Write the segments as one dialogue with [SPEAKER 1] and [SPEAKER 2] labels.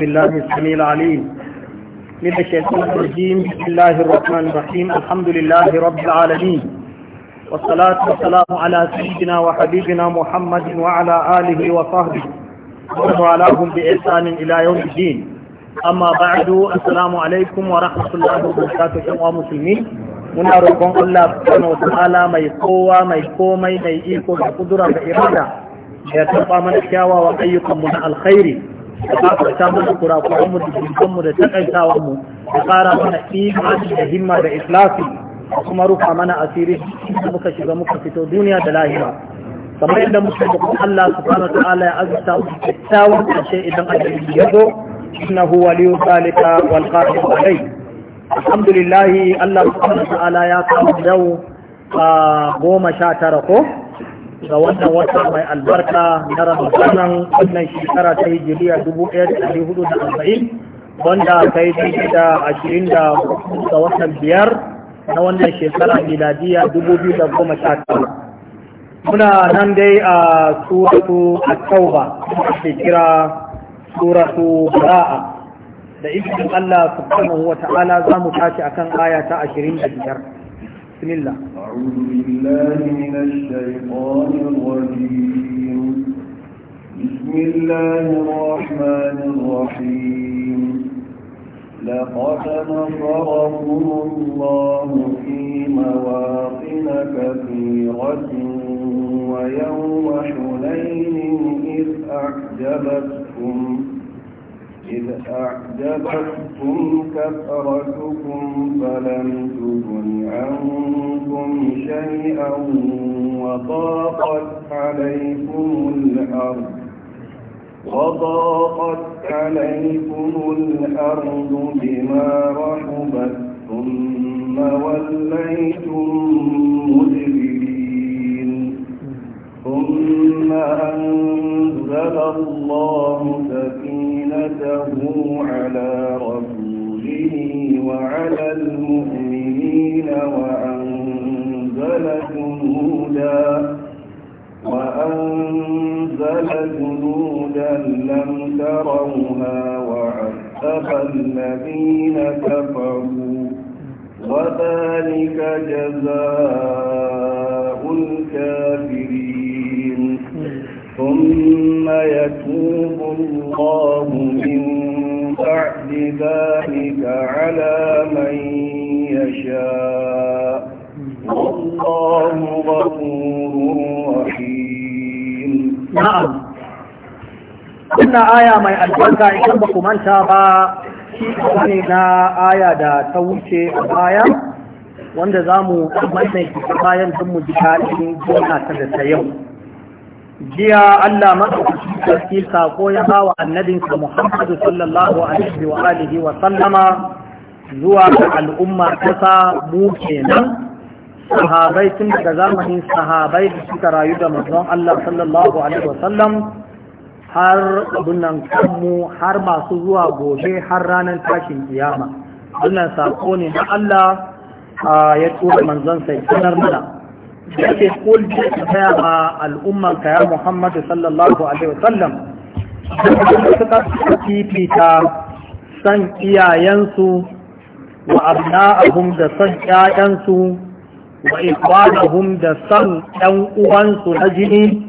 [SPEAKER 1] بالله السميع العليم من الشيطان الرجيم بسم الله الرحمن الرحيم الحمد لله رب العالمين والصلاة والسلام على سيدنا وحبيبنا محمد وعلى آله وصحبه وعلاهم بإحسان إلى يوم الدين أما بعد السلام عليكم ورحمة الله وبركاته يا مسلمين muna roƙon Allah subhanahu wataala mai kowa mai komai mai iko da kudura da irada da ya taɓa mana kyawawan ayyukan mu na alkhairi ta mana kurakuran mu da jinkan mu da takaitawa mu da fara mana imani da himma da ikhlasi kuma rufa mana asiri muka shiga muka fito duniya da lahira kamar yadda muka ga Allah subhanahu wa ta'ala ya azza mu kyakkyawan kace idan ajali ya zo innahu waliyyu zalika wal qadir alayhi alhamdulillah Allah subhanahu wa ta'ala ya kawo yau a ah, goma sha tara ko ga wannan wata mai albarka na ramadanan wannan shekara ta hijiriya arba'in, wanda ta yi daidai da ashirin da ga watan biyar na wannan shekara miladiya tara muna nan dai a suratu a tauba ake kira suratu bara'a da izinin Allah subhanahu wa ta'ala za mu tashi akan aya ta 25 بسم الله
[SPEAKER 2] أعوذ بالله من الشيطان الرجيم بسم الله الرحمن الرحيم لقد نصركم الله في مواطن كثيرة ويوم حنين إذ أعجبتكم إذ أعجبتكم كثرتكم فلم تغن عنكم شيئا وضاقت عليكم الأرض وضاقت عليكم الأرض بما رحبت ثم وليتم مدبرين ثم أنتم أنزل الله سكينته على رسوله وعلى المؤمنين وأنزل جنودا وأنزل جنودا لم تروها وعذب الذين كفروا وذلك جزاء الكافرين ثم يتوب الله من بعد ذلك على من يشاء والله غفور رحيم نعم wannan
[SPEAKER 1] aya mai albarka idan ba ku manta ba shi ne na aya da ta wuce a baya wanda za mu manta bayan don mu ji daɗin juna ta da ta yau jiya Allah maɗaukaki sarki sako ya ba wa annabinsa Muhammadu sallallahu alaihi wa alihi wa sallama zuwa ga al'umma ƙasa mu kenan sahabai tun daga zamanin sahabai da suka rayu da manzon Allah sallallahu alaihi wa sallam har abunan kanmu har masu zuwa gobe har ranar tashin kiyama wannan sako ne na Allah ya tura manzansa ya sanar mana yake kul ji ta ma al'umman ka ya Muhammad sallallahu alaihi wasallam suka fifita san iyayensu wa abna'ahum da san ƴaƴansu wa ikwanahum da san ɗan uwansu na jini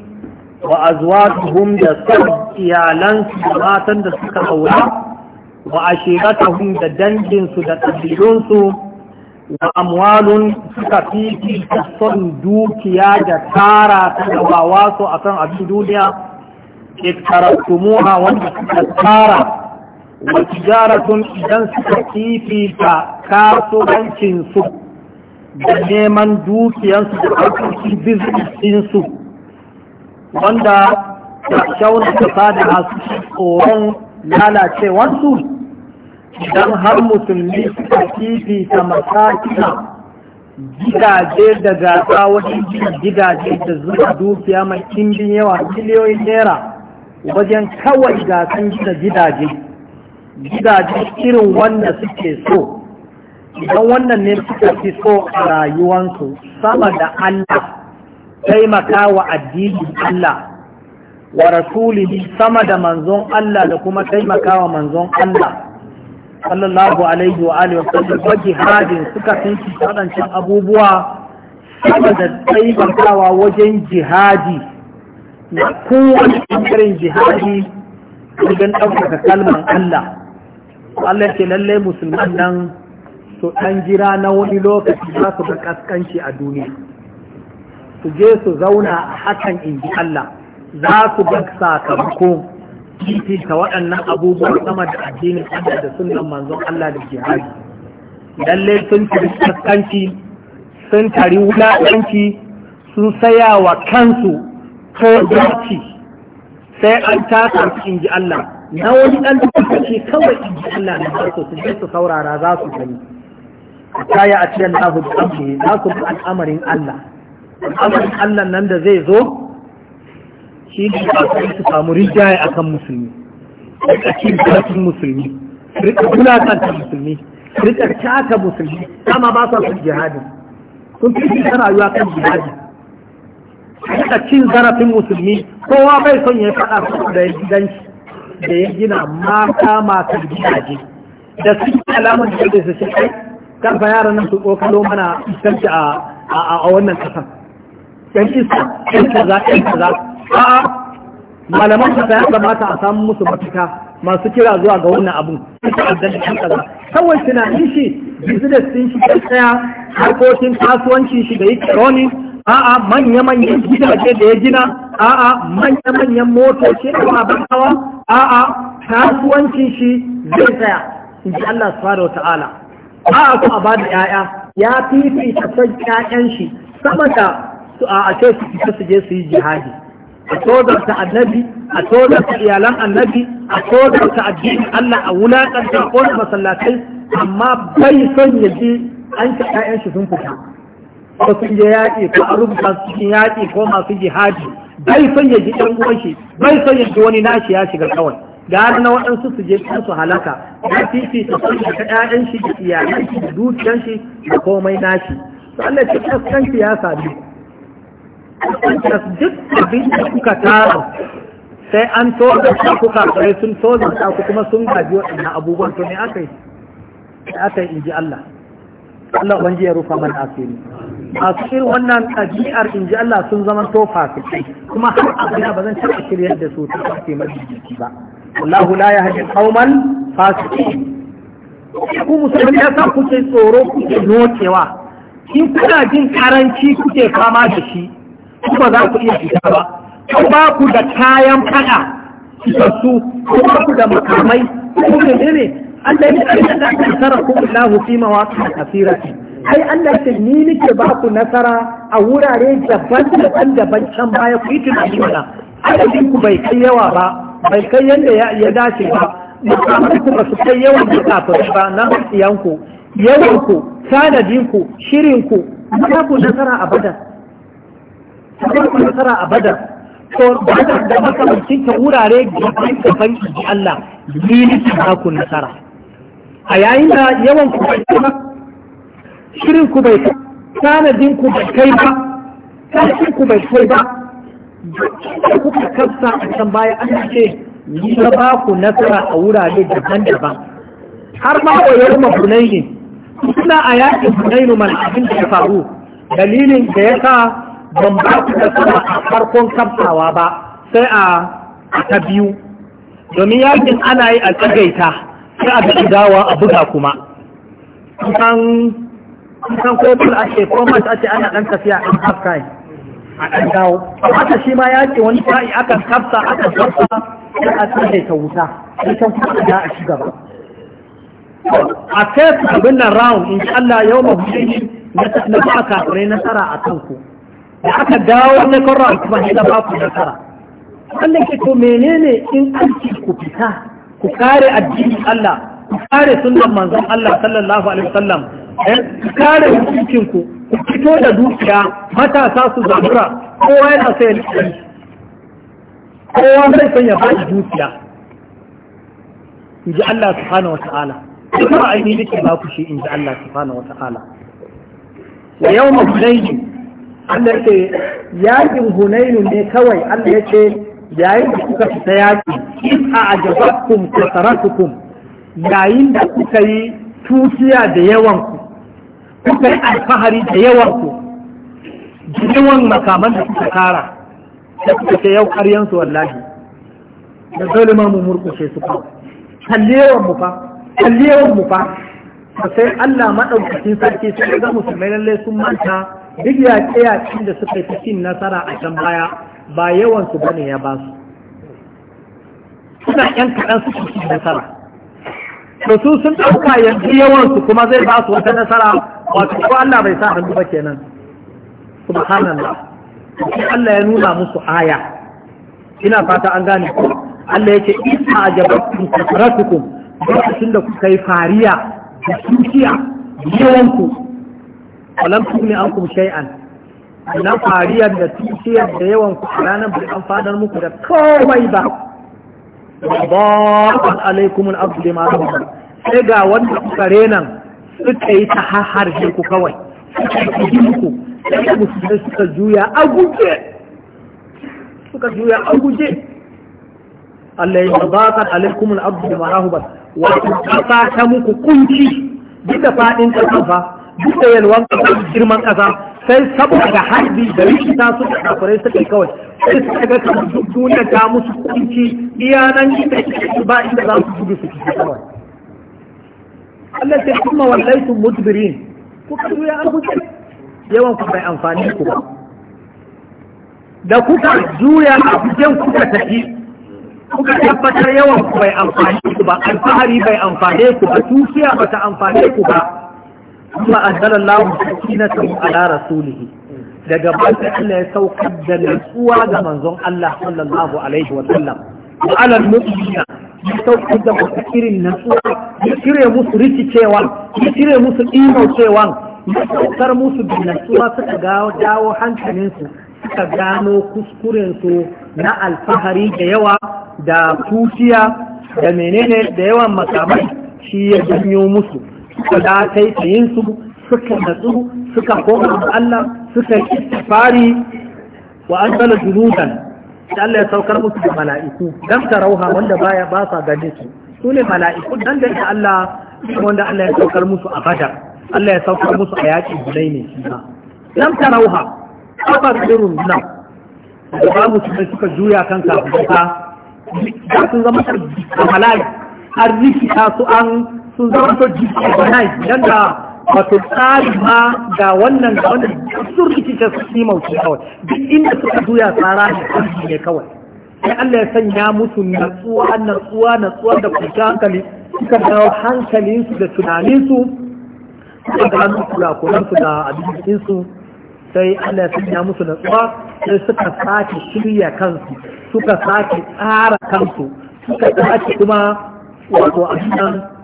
[SPEAKER 1] wa azwajuhum da san iyalansu da matan da suka aura wa ashiratahum da danginsu da ɗabi'unsu wa amwalun suka fifi son dukiya da tara ta gaba wasu a kan abin duniya ittarattumuha wanda suka tara wa tijaratun idan suka fi ta kasuwancinsu da neman dukiyansu da ƙarfi wanda ta shauna ta da masu tsoron lalacewarsu idan har musulmi suka ta masakina gidaje da gasa wajen gidaje da zuwa dukiya mai kimbin yawa miliyoyin naira wajen kawai gasan gina gidaje gidaje irin wanda suke so idan wannan ne suka fi so a rayuwansu sama da Allah taimaka wa addinin Allah wa rasulihi sama da manzon Allah da kuma taimaka wa manzon Allah sallallahu alaihi wa alihi wasallam hadi suka shi waɗancan abubuwa saboda taibantawa wajen jihadi na kowane ɓangaren jihadi wajen ɗaukaka kalman Allah Allah ke lallai musulman nan to ɗan jira na wani lokaci za su ga kaskanci a duniya su je su zauna a hakan inji Allah za su ga sakamako fifita waɗannan abubuwan sama da addinin Allah da sunan manzon Allah da jihadi lallai sun tari kaskanci sun tari wulaƙanci sun saya wa kansu ko zaci sai an taka in ji Allah na wani ɗan ke kawai in ji Allah na ba su je su saurara za su gani a kaya a cikin lahu da za su bi al'amarin Allah al'amarin Allah nan da zai zo shi ne kafin su samu rijaye a kan musulmi a cikin zafin musulmi rika ta musulmi rika caka musulmi kama ba sa su jihadi sun fi shi rayuwa kan jihadi rika cin zarafin musulmi kowa bai son ya faɗa su da gidan shi da ya gina mata masu gidaje da su alamar da ya su shi kai karfa yaran nan su kokalo mana iskanci a wannan kasan yan iska yan kaza yan kaza
[SPEAKER 3] a'a malaman ka ya
[SPEAKER 1] kamata a samu musu mafita masu kira zuwa ga wannan abun kawai yi shi business din shi da tsaya harkokin kasuwanci shi da yake roni a'a manya-manyan gidaje da ya gina a'a manya-manyan motoci da abin hawa a'a kasuwancin shi zai tsaya in ji Allah subhanahu wa ta'ala a'a ko a ba da 'ya'ya ya fifita son 'ya'yan shi sama da a ce su fita su je su yi jihadi a tozarta annabi a tozarta iyalan annabi a tozarta addinin Allah a wulaƙanta ko da masallatai amma bai son ya ji an ka ƴaƴan shi sun fita ko sun je yaƙi ko a rubuta cikin yaƙi ko masu jihadi bai son ya ji ɗan uwan shi bai son ya ji wani nashi ya shiga kawai ga na waɗansu su je su halaka ya son ya ta ƴaƴan shi da iyalan shi da dukiyan shi da komai nashi to Allah ya ce kasance ya sami duk abin da kuka tara sai an toza ta kuka kare sun toza ta kuma sun gaji waɗanda abubuwan to ne aka yi aka yi in ji Allah Allah wanji ya rufa mana asiri masu irin wannan ajiyar in ji Allah sun zama to fasiki kuma har abin ba zan taɓa kiriyar da su ta fasike mai jiki ba Wallahu la ya hajji kauman fasiki ku musulmi ya sa kuke tsoro kuke nokewa in kuna jin karanci kuke fama da shi kuma za ku iya fita ba ba ku da kayan fada Ku ba ku da makamai ku ne ne Allah ya ce da nasara ku Allahu fi mawaqi kasirati ai Allah ce ni nake ba ku nasara a wurare daban-daban daban can baya ku yi tunani mana adadin ku bai kai yawa ba bai kai yadda ya dace ba makamai ku ba su kai yawan da kafin ba na hasiyanku yawanku tanadinku shirinku ba ku nasara badan. ku nasara a badar to badar da makamancin ta wurare gaban gaban ji Allah militin haku nasara a yayin da yawan ku bai kai shirin ku bai kai tanadin ku bai kai ba tashin ku bai kai ba da kuka kasa a can baya an ce ni na ba ku nasara a wurare daban-daban har ma wa yau mabunai ne suna a yakin bunainu man abin da ya faru dalilin da ya sa ban ba ku da sama a farkon kamtawa ba sai a ta biyu domin yakin ana yi a tsagaita sai a bi dawa a buga kuma kusan kofar ake masu ake ana ɗan tafiya a half time a ɗan dawo haka shi ma yakin wani sa'i akan kafsa akan kafsa sai a tsagaita wuta sai can kuma da a shiga gaba a kai abin nan round in Allah yau mafi na ba a kafirai nasara a kanku da aka dawo na a kuma shi da baku nasara Allah ke to menene in an ci ku fita ku kare addini Allah ku kare sunnan manzon Allah sallallahu alaihi wasallam eh, ku kare hukuncin ku ku fito da dukiya matasa su zabura kowa yana sai ya kowa zai san ya bani dukiya inji Allah subhanahu wata'ala kuma ne nake ba ku shi inji Allah subhanahu wata'ala wa yawma hunayn Allah ce yakin Hunainu ne kawai Allah yake yayin da kuka fita yaki a ajabakum kasaratukum yayin da kuka yi tukiya da yawan ku kuka yi alfahari da yawan ku yawan makaman da kuka kara da kuka ce yau ƙaryansu wallahi da dole ma mu murkushe su fa kallewan mu fa kallewan mu fa sai Allah madaukakin sarki sai ga musulmai lalle sun manta duk ya yaƙen da suka fi cin nasara a can baya ba yawansu ba ne ya ba su suna ‘yan kaɗan cin nasara to su sun ɗauka yanzu yawansu kuma zai ba su wata nasara wato ko Allah bai sa hannu ba kenan subhanallah Allah ya nuna musu aya ina fata an gane ku Allah yake in ajabakum ba lokacin da ku kai fariya da yawan ku walam tuni an kum shay'an na fariyar da tushiyar da yawan ku ranar bai an fadar muku da komai ba Allahun alaikumun abu da sai ga wanda kuka nan suka yi ta harshe ku kawai yi muku sai suka a suka Allah ya bakan alaikumun abu da masu wato kasa ta muku kunci duk da faɗin ƙasa ba duk da yalwan kasar girman kasa sai saboda harbi da rikita su da kafirai suka yi kawai sai su ga kamar duk duniya ta musu kunci iya nan inda su ba inda za su gudu su ci kawai Allah ta kuma wallaitu mudbirin kuka juya ya kuce yawan ku bai amfani ku ba da kuka juya a kujen kuka tafi kuka tabbatar yawan ku bai amfani ku ba alfahari bai amfane ku ba tukiya ba ta amfane ku ba kuma anzalallahu sakinatahu ala rasulihi daga bayan Allah ya saukar da nutsuwa ga manzon Allah sallallahu alaihi wa sallam wa ala al-mu'minina ya saukar da wasu irin nutsuwa ya cire musu rikicewa ya cire musu cewa. ya saukar musu da nutsuwa suka dawo hankalin su. suka gano kuskurensu na alfahari da yawa da tuciya da menene da yawan makamai shi ya janyo musu suka da tsayin su suka natsu suka koma Allah suka yi wa an zala junudan da Allah ya saukar musu da mala'iku dan rauha wanda baya ba sa gane su su ne mala'iku dan da Allah wanda Allah ya saukar musu a Badar Allah ya saukar musu a yaƙin Hulai ne shi ba. dan rauha kafar dirun nan da ba su suka juya kan ka da sun zama mala'i an rikita su an sun zama to jikinai don da wato tsari ma ga wannan ga wannan sun rikice su fi mauki kawai duk inda suka juya tsara ne kansu ne kawai sai Allah ya sanya musu natsuwa natsuwa natsuwa da kuta hankali suka dawo hankalinsu da tunaninsu
[SPEAKER 2] suka ga hannun kurakuransu
[SPEAKER 1] da abincinsu sai Allah ya sanya musu natsuwa sai suka sake shirya kansu suka sake tsara kansu suka sake kuma wato a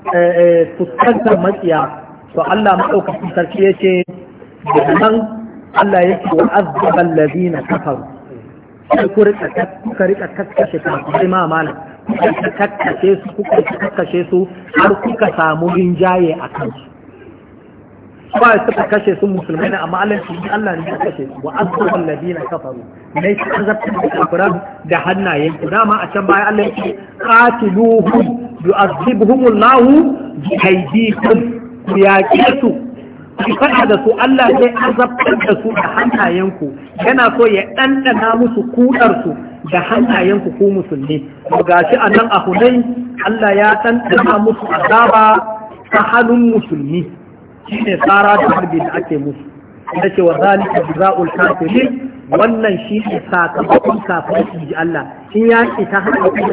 [SPEAKER 1] Eh, eh, fuskantar matsiya to Allah maɗaukacin sarki ya ce da nan Allah ya ce wa azzaban lazina kafaru sai ku rika kakkashe kafirai ma mana kuka kakkashe su kuka kakkashe su har kuka samu rinjaye a kansu ba suka kashe sun musulmai ne amma Allah shi Allah ne ya kashe wa asbal ladina kafaru ne shi azabta da kafiran da hannayen ku. dama a can baya Allah ya yake qatiluhum yu'azibuhumullahu bi aydikum ku yaƙe su ki faɗa da su Allah zai azabtar da su da hannayen hannayenku yana so ya dandana musu su da hannayen ku ku musulmi to gashi a nan a hunai Allah ya ɗanɗana musu azaba ta hannun musulmi shi ne tsara da harbi da ake musu ita ce wa zalika jazaul kafirin wannan shi ne sakamakon kafin in ji Allah in ya ce ta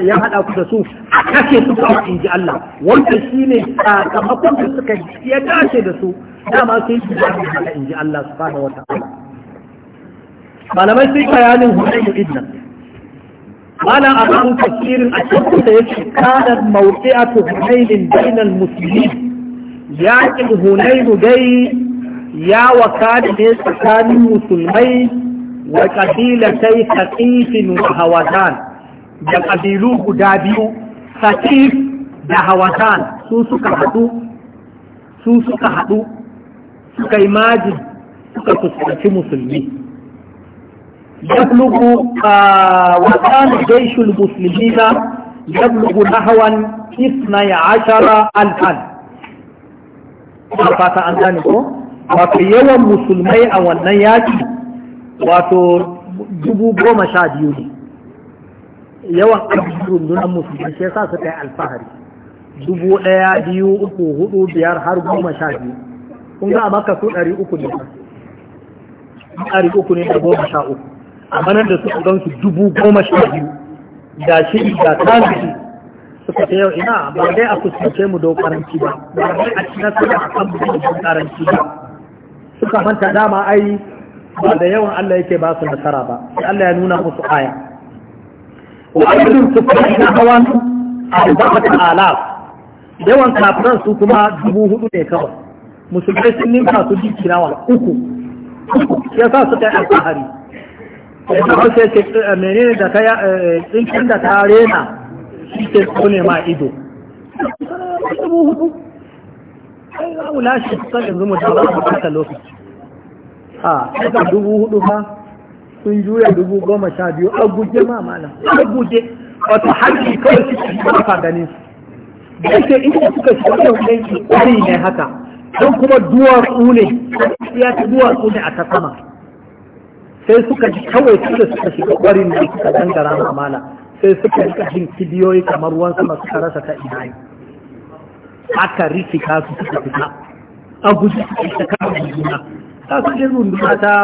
[SPEAKER 1] ya hada ku da su a kashe su kawai in ji Allah wannan shi ne sakamakon da suka ya dace da su dama sai su ji in ji Allah subhanahu wata'ala malamai sai bayanin hudayu idna malam abu tafsirin a cikin da yake kana mawdi'atu hudaylin bainal muslimin yaƙin hunainu dai ya wakana ne tsakanin musulmai wa ƙabilatai saƙifin wa hawazan da ƙabilu guda biyu saƙif da hawazan su suka haɗu su suka haɗu suka yi majin suka fuskanci musulmi yablugu wasan jaishul muslimina yablugu nahawan isna ya ashara alfan kuma fata an gane ko wato yawan musulmai a wannan yaki wato dubu goma sha biyu ne yawan rundunar musulmai shi yasa suka yi alfahari dubu ɗaya biyu uku hudu biyar har goma sha biyu kun ga maka su ɗari uku ne ɗari uku ne da goma
[SPEAKER 2] sha uku a manar da suka gan su dubu goma sha biyu
[SPEAKER 1] da shi da kansu suka ce yau ina ba dai a kusurce mu don karanci ba ba dai a cikin suna a kan mu don karanci ba suka manta dama ai ba da yawan Allah yake ba su nasara ba Allah ya nuna musu aya wa ayyukum tufaina hawan arba'at alaf yawan kafiran su kuma dubu hudu ne kawai musulmai sun ninka su jiki nawa uku ya sa suka kai alfahari da kuma sai ce eh, menene da ka eh, tsinkin da ta rena shi ke kone ma ido abu hudu ai za mu lashe kusan yanzu mu tara mu kasa lokaci a daga dubu hudu fa sun juya dubu goma sha biyu a guje ma mana a guje wata hajji kawai suke yi ba ganin su da ke inda suka shi wani yanki kwari ne haka don kuma duwatsu ne ya ta duwatsu ne a ta sama sai suka ji kawai suka suka shiga kwarin da suka dangara ma mana sai suka rika jin kibiyoyi kamar ruwan sama suka rasa ta ina ne aka rikika su suka fita a guji suka ta kama juna ta su jin runduna ta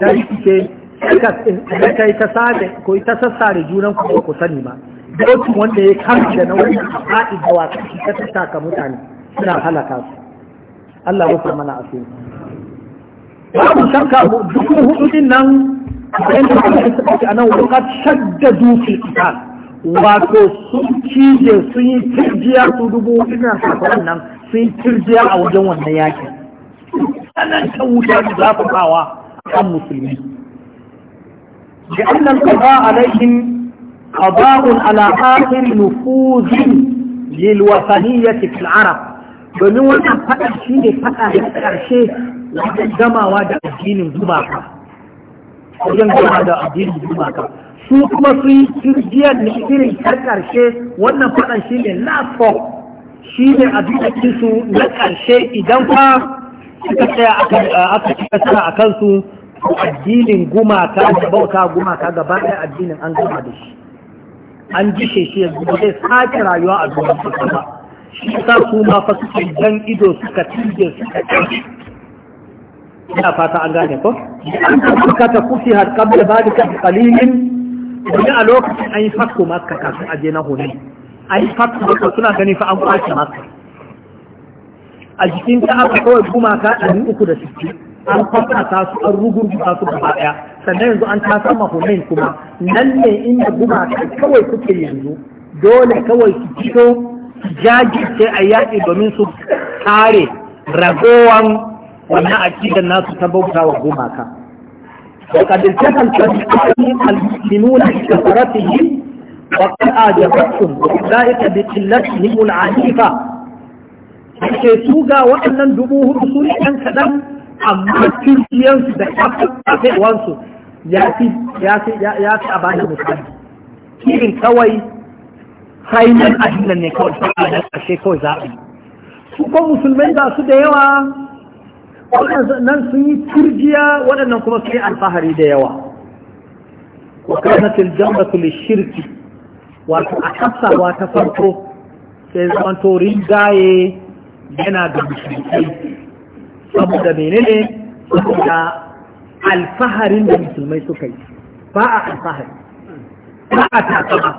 [SPEAKER 1] ta rikice ka yi ta sare ko ta sassare junan ku ku sani ba dokin wanda ya kama da nauyi a faɗi da wasu ta tattaka mutane suna halaka su Allah rufe mana asiri babu shakka duk hudun nan yadda suka suka ci a nan wuka shadda duki ita wato sun cije sun yi kirjiya su dubu ina sakon nan sun yi kirjiya a wajen wannan yakin sannan ta wuta da zafafawa kan musulmi da annan kaza alaihim ala akhir nufuz lil للوثنية fil arab domin wannan faɗa shi ne faɗa da ƙarshe gamawa da addinin gumaka
[SPEAKER 2] wajen gamawa da
[SPEAKER 1] addinin gumaka su kuma su yi kirgiyar ne irin ta ƙarshe wannan faɗan shi ne last shi ne a da su na ƙarshe idan fa suka tsaya aka cika tsara a kansu addinin gumaka da bauta gumaka gaba ɗaya addinin an gama da shi an jishe shi yanzu ba zai sake rayuwa a duniya ba shi sa su ma fa suka jan ido suka tilge suka kai ina fata an gane ko ka ta kufi har kabla bada ka kalilin wani a lokacin an yi fatko maka kafin aje na hunayi an yi fasko maka suna gani fa an kwace maka a jikin ta aka kawai gumaka ɗari uku da sittin an ta su an rugurguta su gaba ɗaya sannan yanzu an tasa ma hunayi kuma nan ne inda gumaka kawai kuke yanzu dole kawai su fito jajirce a yaƙi domin su kare ragowan wannan aqidan nasu ta bauta wa gumaka وقد التهم تبعهم المسلمون بكثرتهم وقد أعجبتهم ni بقلتهم العنيفة ke su ga waɗannan dubu hudu su ne ɗan kaɗan amma kirkiyansu da kafewansu ya fi a bada misali kirin kawai hainan adinan ne kawai a ƙarshe kawai zaɓi su ko musulmai ba su da yawa nan sun yi turjiya waɗannan kuma sun yi alfahari da yawa wa kanat aljannatu shirki. wato a kasawa ta farko sai zaman to rigaye yana da musulmai saboda menene saboda alfaharin da musulmai suka yi ba a alfahari
[SPEAKER 3] ba a takama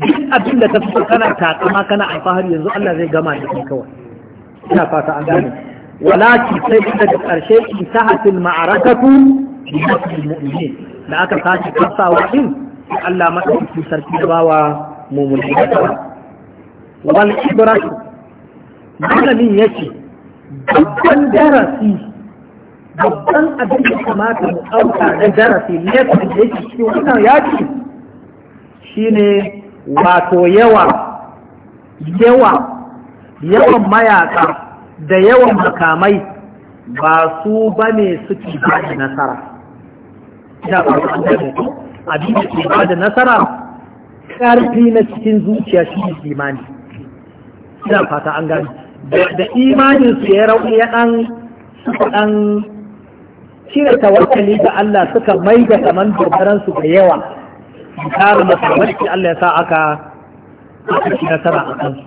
[SPEAKER 1] duk abin da ta fi kana takama kana alfahari yanzu Allah zai gama da kai kawai ina fata an gane Walaki sai daga ƙarshe intahatil ma'arakatu bi nasril mu'minin da aka sace kasawa din Allah madaukakin sarki da bawa mu'minin wal ibratu malamin yake babban darasi babban abin da kamata mu ɗauka da darasi ne da yake cikin wannan Shi ne wato yawa yawa yawan mayaƙa. da yawan makamai ba su ba ne suke ba da nasara ina ba su da abin da ke ba da nasara ƙarfi na cikin zuciya shi ne imani ina fata an gani da imanin su ya rauni ya ɗan suka ɗan cire tawakkali ga Allah suka mai da kaman dogaran su da yawa tare wacce Allah ya sa aka aka nasara a kansu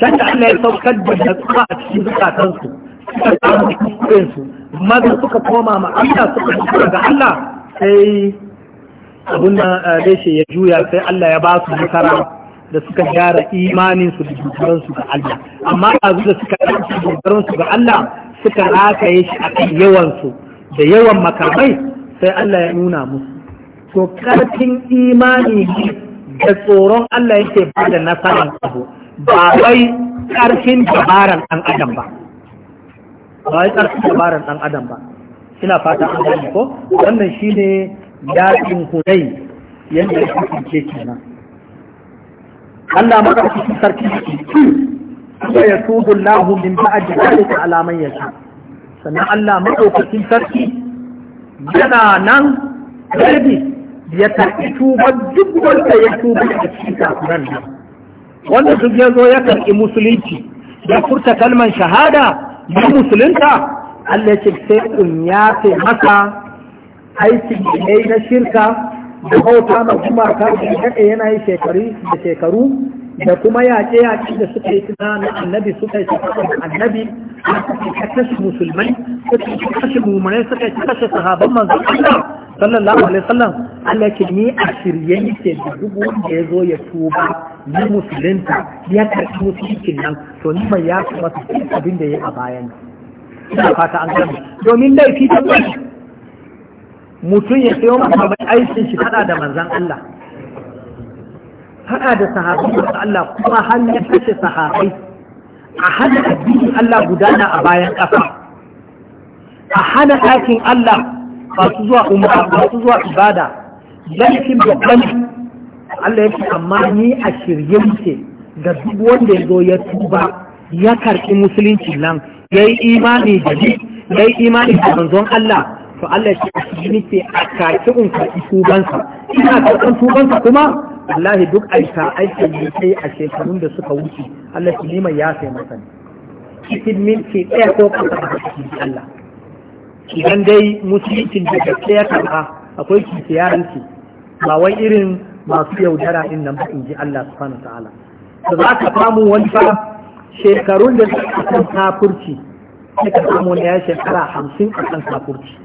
[SPEAKER 1] can da Allah ya saukar da natsuwa a cikin zukatansu suka samu kuskurensu maza suka koma ma Allah suka kuskura ga Allah sai abun da eh, reshe ya juya sai Allah ya ba su nasara da suka gyara imaninsu da dogaransu ga Allah amma yanzu da suka ɗauki dogaransu ga Allah suka rakaye shi a kan yawansu da yawan makamai sai Allah ya nuna musu to karfin imani da tsoron Allah yake ba da nasarar abu ba kai ƙarfin dabarar ɗan adam ba ba yi ƙarfin dabarar ɗan adam ba ina fata an gani ko wannan shi shine yaƙin hudai yadda ya kasance kenan Allah fi sarki kuma ya tubu lahu min ba'di zalika alamai ya ci, sannan Allah madaukakin sarki yana nan garbi ya tafi tubar duk wanda ya tuba a cikin kafiran nan wanda duk ya zo ya karɓi musulunci ya furta kalman shahada ya musulunta Allah ce sai in ya fi masa aikin da ya yi na shirka da bauta ma gumaka da kaɗe yana yi shekaru da shekaru da kuma yaƙe yaƙe da suka yi tunanin annabi suka yi tunanin annabi suka yi kashe musulmai suka yi kashe mummunai suka yi kashe sahaban manzon Allah sallallahu alaihi wasallam Allah ce ni a shirye yake da duk wanda ya zo ya tuba Ni musulunta ya karfi musulunci nan to ni mai ya kuma abin da ya a bayan
[SPEAKER 2] ina fata an gani
[SPEAKER 1] domin laifi ta bari mutum ya sayo masa mai aikin shi fada da manzan Allah fada da sahabi da Allah kuma har ya kashe sahabi a hana addinin Allah gudana a bayan ƙasa a hana ɗakin Allah masu zuwa umra masu zuwa ibada yankin babban Allah ya ce amma ni a shirye ce ga duk wanda ya zo ya tuba ya karɓi musulunci nan ya yi imani da ni ya yi imani da manzon Allah to Allah ya ce a shirye ce a kaki in karɓi tubansa ina karɓan tubansa kuma wallahi duk aika aika ne sai a shekarun da suka wuce Allah shi liman ya sai masa ne cikin minti ɗaya ko kasa da cikin Allah idan dai musulunci da ɗaya ya karɓa akwai kisiyarinki ba wai irin masu yaudara din nan ba in ji Allah subhanahu wa ta'ala da za ka samu wani fa shekarun da suka kan kafurci sai ka samu ne ya shekara hamsin a kan kafurci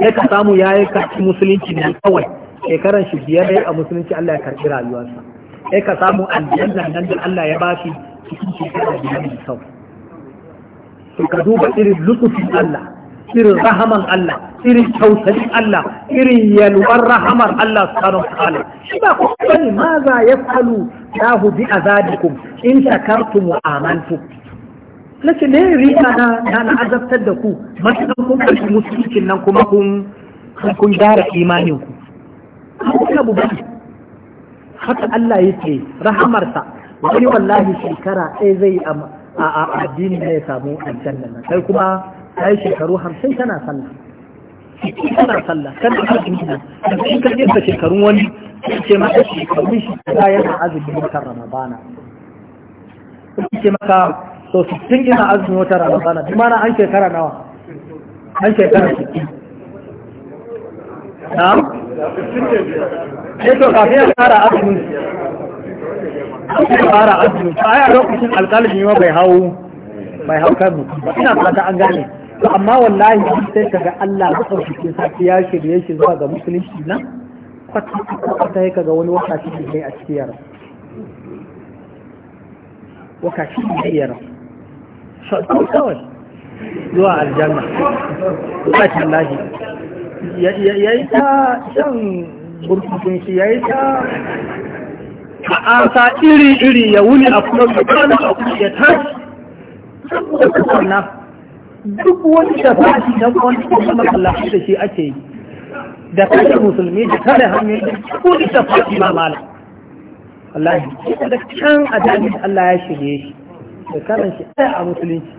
[SPEAKER 1] sai ka samu ya yi karfi musulunci ne kawai shekaran shi biyar ya a musulunci Allah ya karɓi rayuwarsa sai ka samu aljanna nan da Allah ya ba shi cikin shekara biyar da sau to ka duba irin lutufin Allah irin rahaman Allah irin tausayin Allah irin yalwar rahamar Allah subhanahu wa ta'ala shi ba ku sani ma za ya falu lahu bi azabikum in shakartum wa amantum nace ne rika na na azabtar da ku matakan kun kashi musulcin nan kuma kun kun gyara imanin ku abu ba haka Allah yake rahamarsa wani wallahi shekara ɗaya zai a addini ne ya samu aljanna sai kuma ta yi shekaru hamsin tana sallah tana sallah tana azumi da shi ka jefa shekarun wani ce maka shekarun shi ta yana azumi watan ramadana ce maka so sittin ina azumi watan ramadana duk mana an shekara nawa an shekara sittin. na? Eto kafin ya fara azumin
[SPEAKER 3] ya fara azumi, ta a lokacin
[SPEAKER 1] alkalin yi bai hau bai hau kan mutum ina fata an gane to amma wallahi sai kaga Allah ya ɗauke sarki ya shirye shi zuwa ga musulunci nan kwata ya kaga wani shi ne a cikin shi ne yara sauƙi kawai zuwa aljanna ta lahi ya yi ta shan burkutun shi ya yi ta ma'asa iri-iri ya wuni a kuma ya tashi saboda kusurna duk wani da a dan wani kuma Allah da shi ake yi da kashe musulmi da kare hanyoyi da duk wani da fashi ma mala wallahi da can da Allah ya shirye shi da karan shi ɗaya a musulunci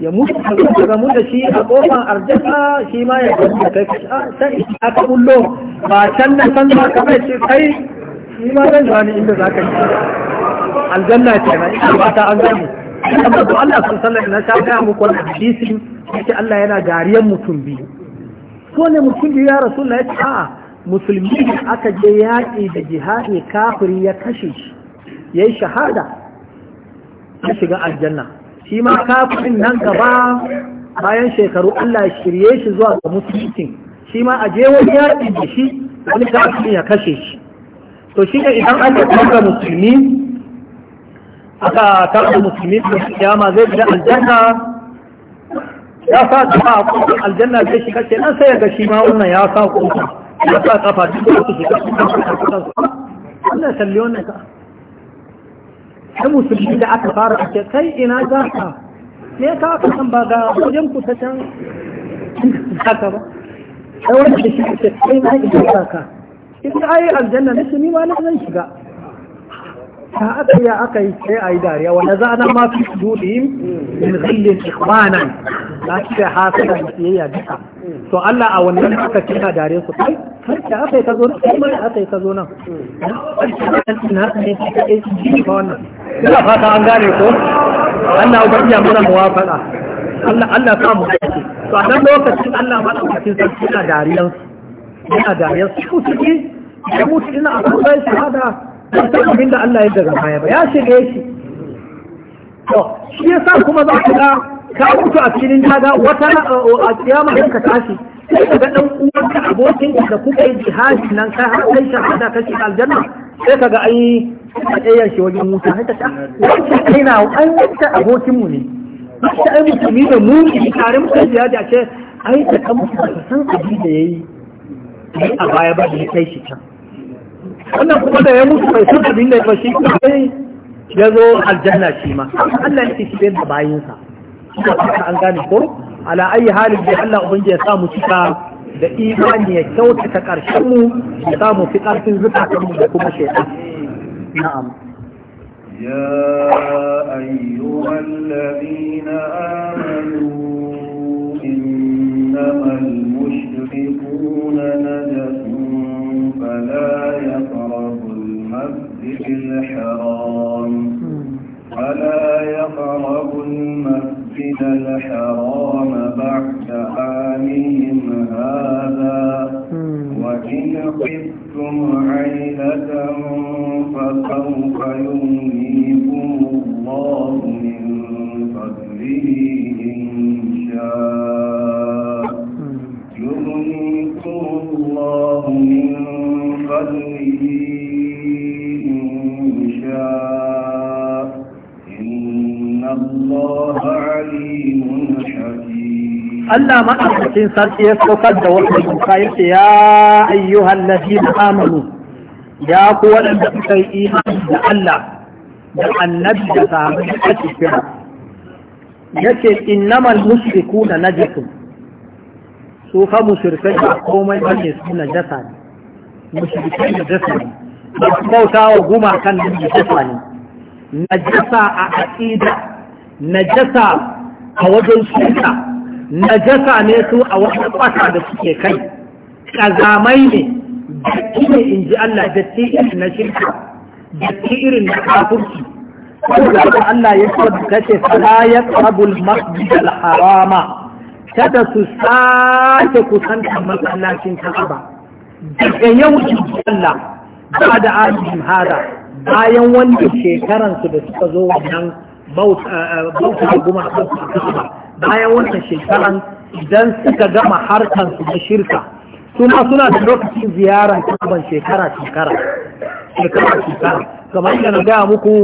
[SPEAKER 1] ya mutu ka gamu da shi a kofar arzika shi ma ya gamu da kai a ka bullo ba can na san ba kamar ce kai shi ma zan wani inda za ka shi. aljanna ce na ina ba ta an gani Allah da Allah sun sallar na ta ga muku wani hadisi yake Allah yana gariyan mutum biyu so ne mutum biyu ya rasu ya ce a'a musulmi da aka je yaƙi da jihadi kafiri ya kashe shi ya yi shahada ya shiga aljanna shi ma kafirin nan gaba bayan shekaru Allah shirye shi zuwa ga musulmi shi ma a je wani yaƙi da shi wani kafirin ya kashe shi to shi ne idan aka ɗauka musulmi aka taɓa musulmi da kiyama zai fita aljanna ya sa kafa a kofar aljanna zai shiga ke nan sai ya ga shi ma wannan ya sa kusa ya sa kafa duk da su shiga cikin kusurkusan su wannan salli wannan ka ta musulmi da aka fara a ce kai ina za ka me ka aka san ba ga wajen kusa can haka ba sai wanda da shi ke kai na ina za ka ita ai aljanna na shi ma na zan shiga ta aka ya aka yi sai a yi dariya wanda za na ma fi duɗin min ghillin ikhwanan na ce hasada da siyayya duka to Allah a wannan aka ce na dare su kai kai aka yi ka zo nan kuma aka yi ka zo nan na ne ka yi ji ba wannan ina fata an gane ko Allah ubangiya muna muwafaqa Allah Allah ka mu dace
[SPEAKER 3] to a nan
[SPEAKER 1] lokacin Allah ma lokacin sai kina dariyan yana dariyan su kuke ya mutu ina a kusa shahada don ta abin da Allah ya daga baya ba ya shige shi to shi sa kuma za ka ga ka mutu a filin daga wata a kiyama ka tashi sai ka ga dan ka abokin da kuka yi jihadi nan kai har kai shahada kake aljanna sai ka ga ai a tsayar shi wajen mutu haka ta kai na ai wata abokin mu ne sai ai mutumi da mu ne tare muka jihadi a ce ai da kan mutu san abin da yayi a baya ba da ya kai shi can wannan kuma da ya mutu mai san abin da ya fashi ya zo aljanna shi ma Allah yake shi da bayinsa kuma haka an gane ko ala ayi halin da Allah ubangiji ya sa mu cika da imani ya kyautata karshen mu ya sa mu fi karfin zukatan mu da kuma shaytan na'am
[SPEAKER 2] يا أيها الذين آمنوا إنما المشركون نجس ولا يقرب المسجد الحرام ولا يقربوا المسجد الحرام بعد عامهم هذا وإن خفتم عيلة فسوف يغنيهم
[SPEAKER 1] Allah cikin sarki ya saukar da wata doka yake ya ayyuhan na amanu ya ku waɗanda suka yi imani da Allah da annabi da sami da kira yace innamal mushrikuna najisun su fa mushrikai ba komai ba ne su jasa ne mushrikai jasa ne ba su bauta wa gumakan da jasa ne najasa a Na najasa a wajen sunna Na najasa ne su a wasu kwata da suke kai Ƙazamai ne da ne in ji Allah datti irin na shirka datti irin na kafurci saboda Allah ya so da kace fala yaqrabul masjid al harama kada su sake kusanta masallacin Ka'aba daga yau in ji Allah ba da ajin hada bayan wanda shekaransu da suka zo wannan bauta goma a kasuwa. bayan wannan shekaran idan suka gama harkar su da shirka suna suna da lokacin ziyara kaban shekara shekara shekara shekara kamar yadda na gaya muku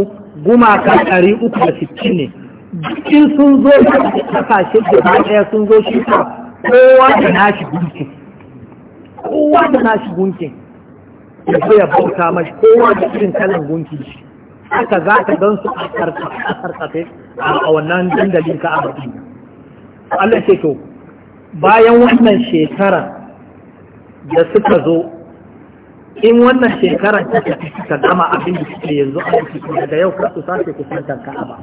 [SPEAKER 1] gumaka ɗari uku da sittin ne in sun zo kasashe da ɗaya sun zo ta kowa da nashi gunkin kowa da nashi gunkin ya zo ya bauta mai kowa da irin kalan gunkin shi haka za ka don su a karkafe a wannan dandalin ka a Allah ce to bayan wannan shekara da suka zo in wannan shekara ta tafi suka gama abin da suke yanzu a cikin daga yau ka su sace kusantar ka'aba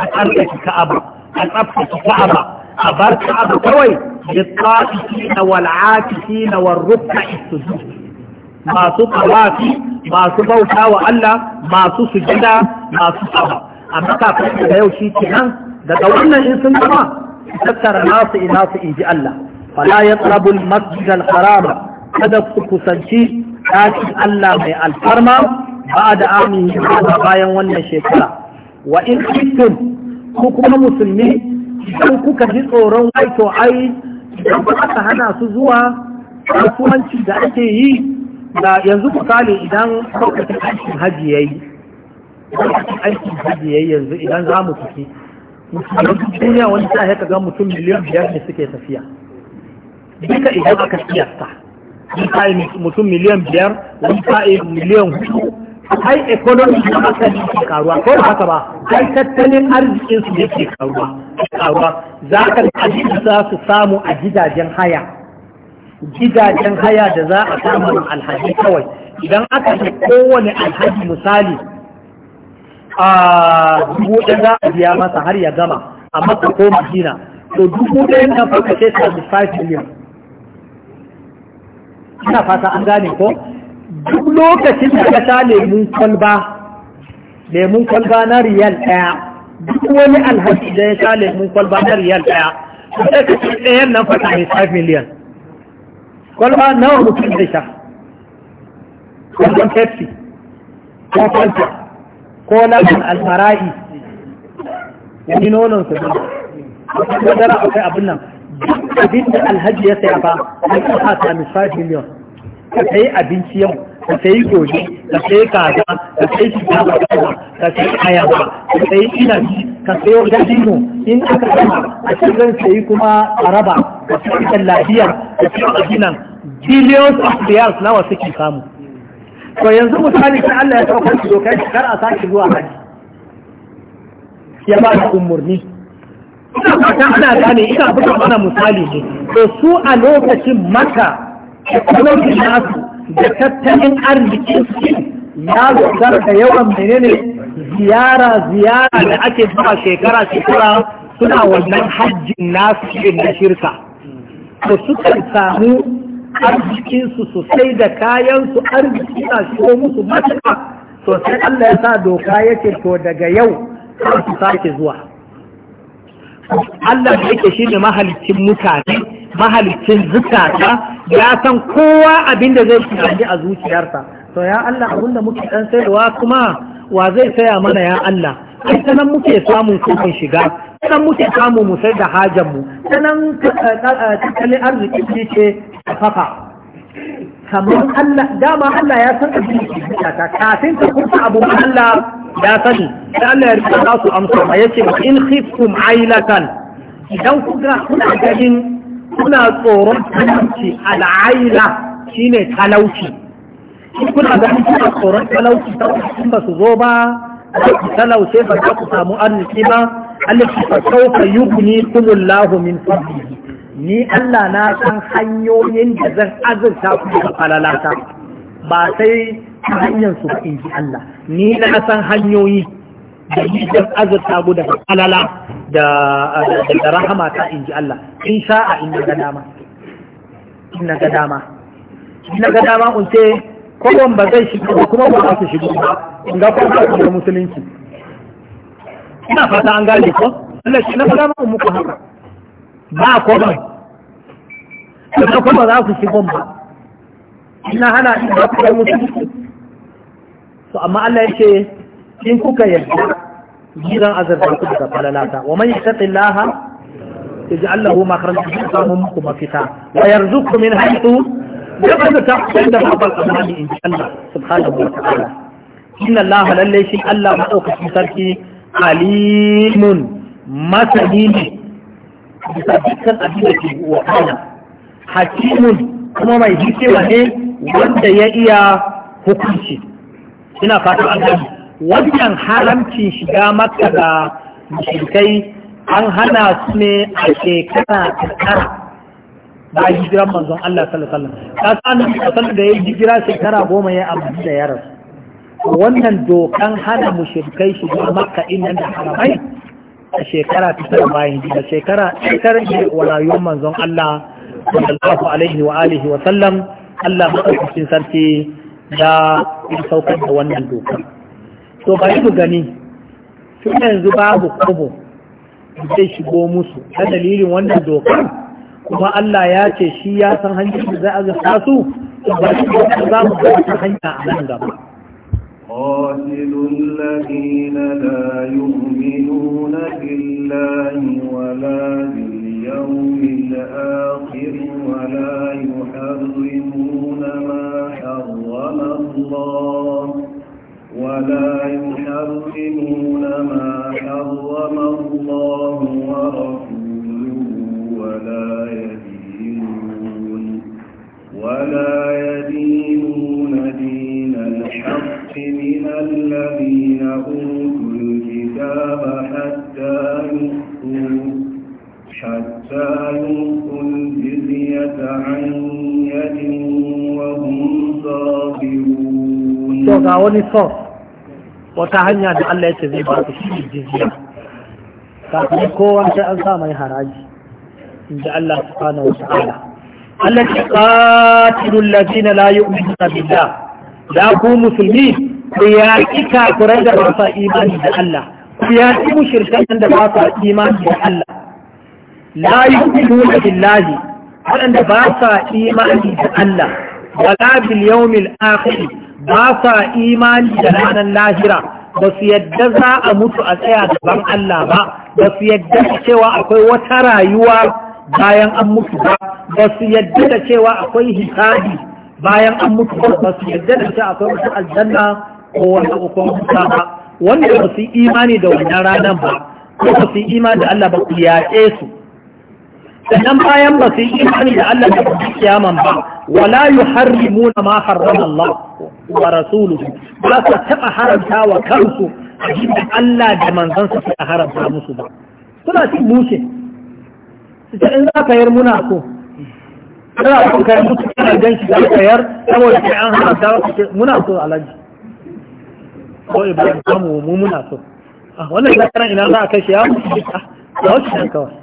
[SPEAKER 1] a tsarkake ka'aba a tsaftace ka'aba a bar ka'aba kawai da tsafi na wal'afi na warrukka isujud masu tawafi masu bauta wa Allah masu sujida masu tsawa amma kafin da yau shi ke nan daga wannan in sun gama tattara nasu ina su inji Allah fala ya tsarabul masjidal harama kada ku kusanci ɗakin Allah mai alfarma ba da amin bayan wannan shekara wa in kuntum ku kuma musulmi idan kuka ji tsoron waito ai idan ka hana su zuwa kasuwanci da ake yi da yanzu misali idan lokacin aikin hajji yayi aikin hajji yayi yanzu idan za mu fiti musulman duniya wani sa ya ga mutum miliyan biyar ne suke tafiya duka idan aka siyasta wani mutum miliyan biyar wani sa'i miliyan hudu ai economy da aka yi ke karuwa ko ba haka ba ai tattalin arzikin su yake karuwa karuwa za ka ajiyar za su samu a gidajen haya gidajen haya da za a samu alhaji kawai idan aka yi kowane alhaji misali a dubu za a biya masa har ya gama a maka ko madina to dubu ɗaya na farko ce ta five million ina fata an gane ko duk lokacin da ka sha lemun kwalba lemun kwalba na riyal ɗaya duk wani alhaji da ya sha lemun kwalba na riyal ɗaya sai ka ce ɗayan nan fata ne 5 million kwalba nawa mutum zai sha kwalban pepsi ko kwalba ko laban alfara'i wani nonon su ne madara akwai abin nan abin da alhaji ya saya ba, an yi hata mi 5 miliyon ka sayi abinci yau ka sayi gobe ka sayi kaza ka sayi shinkafa kaza ka sayi ayaba ka sayi inabi ka sayo gadino in aka gama a cikin zan sayi kuma araba ka sayi lahiyar ka sayi abinan billions of riyals nawa ke samu to yanzu misali sai Allah ya saukar da dokar kar a sake zuwa haji ya ba da umurni ina fata ana gane ina buga mana misali ne to su a lokacin maka lokacin nasu da tattalin arzikin su ya zartar da yawan menene ziyara ziyara da ake zuwa shekara shekara suna wannan hajjin nasu na shirka to suka samu arzikinsu su sai da kayansu arziki na shigo musu matuƙa sosai Allah ya sa doka ya ce to daga yau har su sake zuwa Allah da yake shi ne mahalicin mutane mahalicin zukata ya san kowa abin da zai shi a zuciyarsa to ya Allah abin da muke ɗan sayarwa kuma wa zai saya mana ya Allah ai sanan muke samun kuɗin shiga sanan muke samu musai da hajanmu mu sanan eh, eh, tattalin arziki ce karfafa kamar Allah dama Allah ya san abin da ke bukata kafin ka kusa abu Allah ya sani sai Allah ya rika za su amsa ma yace ba in khiftum ailatan idan kuka kuna ganin kuna tsoron talauci al'aila shine talauci in kuna ganin kuna tsoron talauci talauci ba su zo ba ku talauce ba za ku samu arziki ba Allah ya fa sawfa yughni min fadlihi ni Allah na san hanyoyin da zan azurta ku da falalata ba sai hanyar su in ji Allah ni na san hanyoyi da ni zan azurta ku da falala da da rahama ta in ji Allah in sha'a in ga dama in ga dama in ga dama in ce kowan ba zai shiga ba kuma ba su shiga ba in ga kuma ba musulunci ina fata an gane ko Allah shi na fada mu muku haka ba komai da kuma za ku shigo ba ina hana in ba ku yi musu to amma Allah yake in kuka yarda jiran azarta ku da falalata wa man yattaqillaha yaj'al lahu makhrajan yusamu muku mafita wa yarzuqhu min haythu yaqdir inda da babal amani in Allah subhanahu wa ta'ala inna Allah lalle shi Allah madaukakin sarki alimun masani bisa dukkan abin da ke kana hakimun kuma mai hikima ne wanda ya iya hukunci ina fata an gani wannan haramcin shiga maka da mushrikai an hana su ne a shekara ta tara ba hijiran manzon Allah sallallahu alaihi wasallam ka san da ya hijira shekara goma ya amma da yaron wannan dokan hana mushrikai shiga makka inda da haramai a shekara ta tara bayan da shekara shekarar da walayun manzon Allah sallallahu alaihi wa alihi wa sallam Allah madaukakin sarki da ya saukar da wannan doka to bari mu gani tun yanzu babu kobo zai shigo musu ta dalilin wannan dokar kuma Allah ya ce shi ya san hanyar da za a su ba za mu ga hanya a nan gaba
[SPEAKER 2] قاتل الذين لا يؤمنون بالله ولا باليوم الآخر ولا يحرمون ما حرم الله ولا يحرمون ما حرم الله ورسوله ولا يدينون ولا حتى يؤتوا الجزية عن يد وهم صاغرون
[SPEAKER 1] wani sọ, wata hanya da Allah ya ce zai ba su shi jizya kafin kowa sai an sa mai haraji ji Allah subhanahu wa ta'ala Allah ya qatilul ladina na yu'minuna billah da ku musulmi ku ƙi kakurai da ba sa imani da Allah ku yaki mushrikan da ba sa imani da Allah la yu'minuna billahi waɗanda ba sa imani da Allah wala bil yawmil akhir ba sa imani da ranar lahira ba su yadda za a mutu a tsaya gaban Allah ba ba su yadda cewa akwai wata rayuwa bayan an mutu ba ba su yadda da cewa akwai hisabi bayan an mutu ba ba su yadda da cewa akwai wata aljanna ko wani ukun musa ba wanda ba su imani da wannan ranar ba ko ba su imani da Allah ba ku yaƙe su sannan bayan ba su yi imani da Allah da kuma kiyaman ba wala yuharrimuna ma harrama Allah wa rasuluhu ba su taba haramta wa kansu abinda Allah da manzansa suka haramta musu ba kuna cin mushe su ce in za ka yar muna so kana so ka yar mutu kana gan shi za ka yar saboda kai an haramta muna so alaji ko ibrahim mu muna so ah, wannan zakaran ina za a kashe shi ya mutu a wasu kawai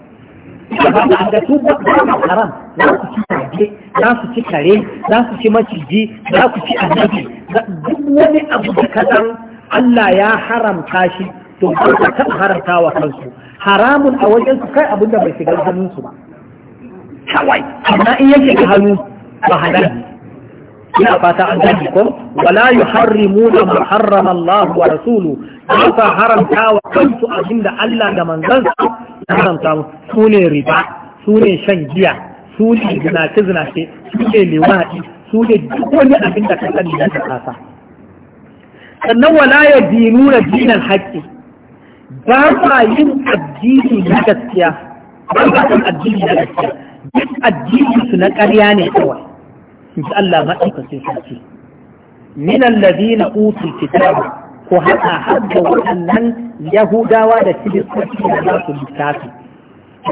[SPEAKER 1] da su ba su haram za su ci tage za su ci kare za su ci maciji za su ci annabi duk wani abu da Allah ya haramta shi to ba su taɓa haramta wa kansu haramun a wajen kai abunda da bai shiga hannunsu ba kawai amma in yake ga hannu ba ina fata an gani ko wala Allah wa rasulu ba wa abinda Allah da manzon mu sune riba sune shan giya sune sune sune duk wani abin da ka sani da kasa sannan wala ya dinuna dinan haƙƙi ba sa yin addini na gaskiya ba sa yin addini na gaskiya duk addini su na ƙarya ne kawai in Allah maɗaukacin sarki min alladhina utul kitaba ko haka har da waɗannan yahudawa da kiristoci da za su littafi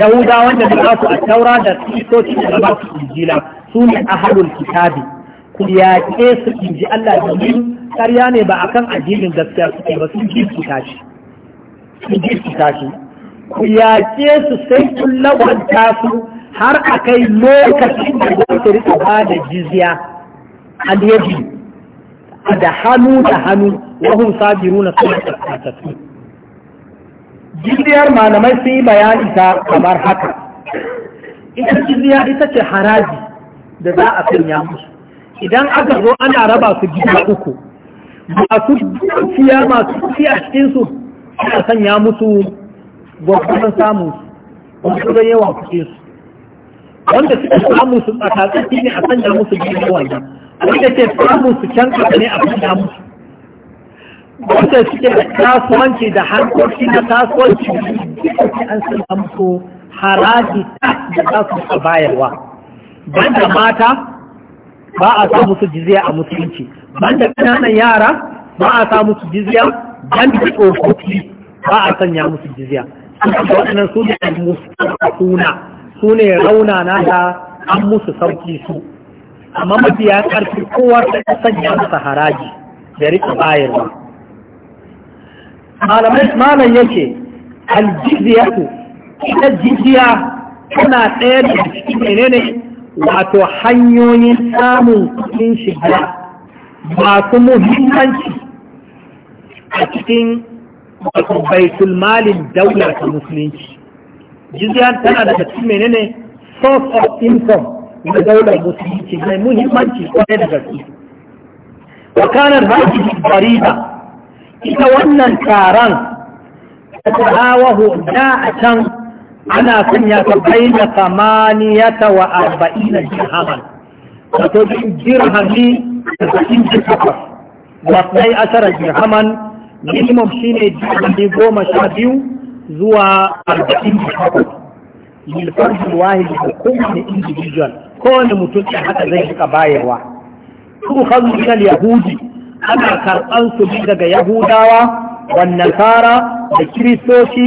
[SPEAKER 1] yahudawan da za su a taura da kiristoci da za su injila su ne ahalul kitabi ku yaƙe su inji ji Allah domin ƙarya ne ba a kan addinin gaskiya suke ba sun ji su tashi sun ji su tashi ku yaƙe su sai kun lawanta su har akai kai lokacin da ta rika ba da jizya an da hannu da hannu wahun sabi runa suna tsarkatattu jizyar malamai sun yi bayani ta kamar haka ita jizya ita ce haraji da za a sanya musu idan aka zo ana raba su gida uku masu fiya masu cikin cikinsu ana sanya musu gwamnatin samun su zai yawan su. wanda suka samu su tsakatsaki ne a sanya musu gidan waje wanda ke samu su can ne a sanya musu wanda suke da kasuwanci da hankoki na kasuwanci da an sanya musu haraji ta da za su bayarwa banda mata ba a samu su jizya a musulunci banda kananan yara ba a samu su jizya banda tsofaffi ba a sanya musu jizya sun da waɗannan su ne suna. su ne rauna na ta an musu sauki su amma mafiya ƙarfi da ta sanya masa haraji da rika bayarwa malamai malam yake aljiziyatu ita jijiya tana ɗaya da cikin menene wato hanyoyin samun kuɗin shiga masu muhimmanci a cikin baitulmalin daulata daular ta musulunci jizya tana daga cikin menene source of income na daular musulunci mai muhimmanci kwarai da gaske wa kanar hajji bariba ita wannan taron ta tawahu da a can ana sanya ta bayyana kamaniyata wa arba'ina dirhaman wato dirhami da sakin jirhaman wa tsaye ashirar dirhaman minimum shine jirgin goma sha biyu zuwa arba'in da takwas lil farjin wahid da kowane individual kowane mutum da haka zai rika bayarwa su khazu min yahudi ana karɓar su daga yahudawa Wannan nasara da kiristoci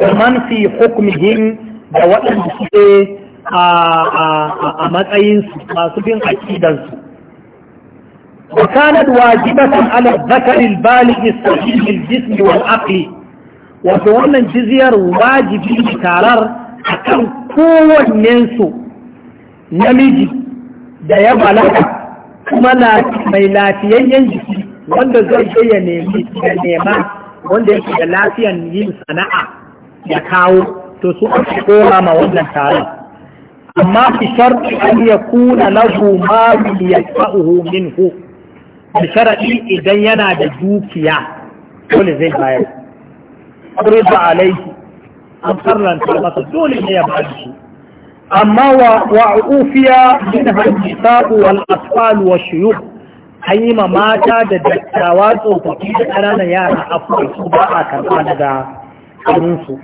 [SPEAKER 1] da man fi hukmihim da waɗanda suke a matsayinsu masu bin aƙidansu وكانت واجبة على الذكر البالغ الصحيح الجسم والعقل wato wannan jiziyar wajibi tarar a kan kowannensu namiji da ya balaga kuma mai lafiyayyen jiki wanda zai iya nema wanda yake da lafiyan yin sana'a ya kawo to su aka kora ma wannan taron amma fi sharɗi an ya kuna lahu ma ya fa'uhu minhu da sharaɗi idan yana da dukiya dole zai bayar a alaihi an farlanta masa dole ne ya ba shi amma wa ufiya min sabu wal asfal wa shuyuk an yi ma mata da dattawa tsofaffi da ƙananan yara a su ba a karɓa daga ƙarinsu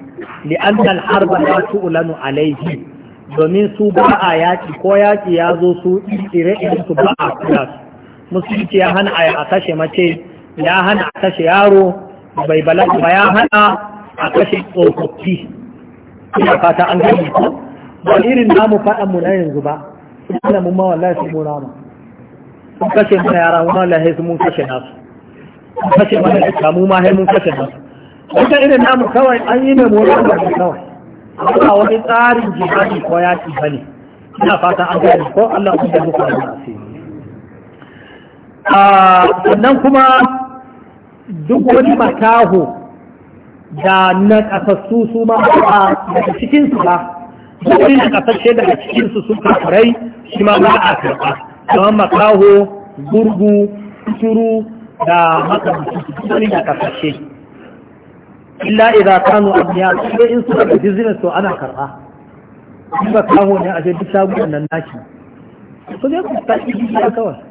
[SPEAKER 1] li'annal harba la tu'lanu alaihi domin su ba a yaƙi ko yaƙi ya zo su tsire irin su ba a kula musulunci ya hana a kashe mace ya hana a kashe yaro bai ya hada a kashe tsofaffi ina fata an gani ko ba irin namu faɗan mu na yanzu ba suna kana mun ma wallahi sun mu rama sun kashe mana yara mu wallahi sun mun kashe nasu sun kashe mana da mu ma sai mun kashe nasu wata irin namu kawai an yi mai mora da kawai ba wani tsarin jihadi ko yaki bane ina fata an gani ko Allah ya da muka yi a sannan kuma duk wani makaho da na ƙasassu su ma a daga cikinsu ba duk wani na ƙasashe daga cikinsu su kafarai shi ma ba a karɓa kamar makaho gurgu kuturu da makamanci duk wani na ƙasashe illa idza kanu abiya sai in su daga business to ana karɓa in ba kawo ne a jirgin duk shagunan nan naki to dai ku ta ƙi kawai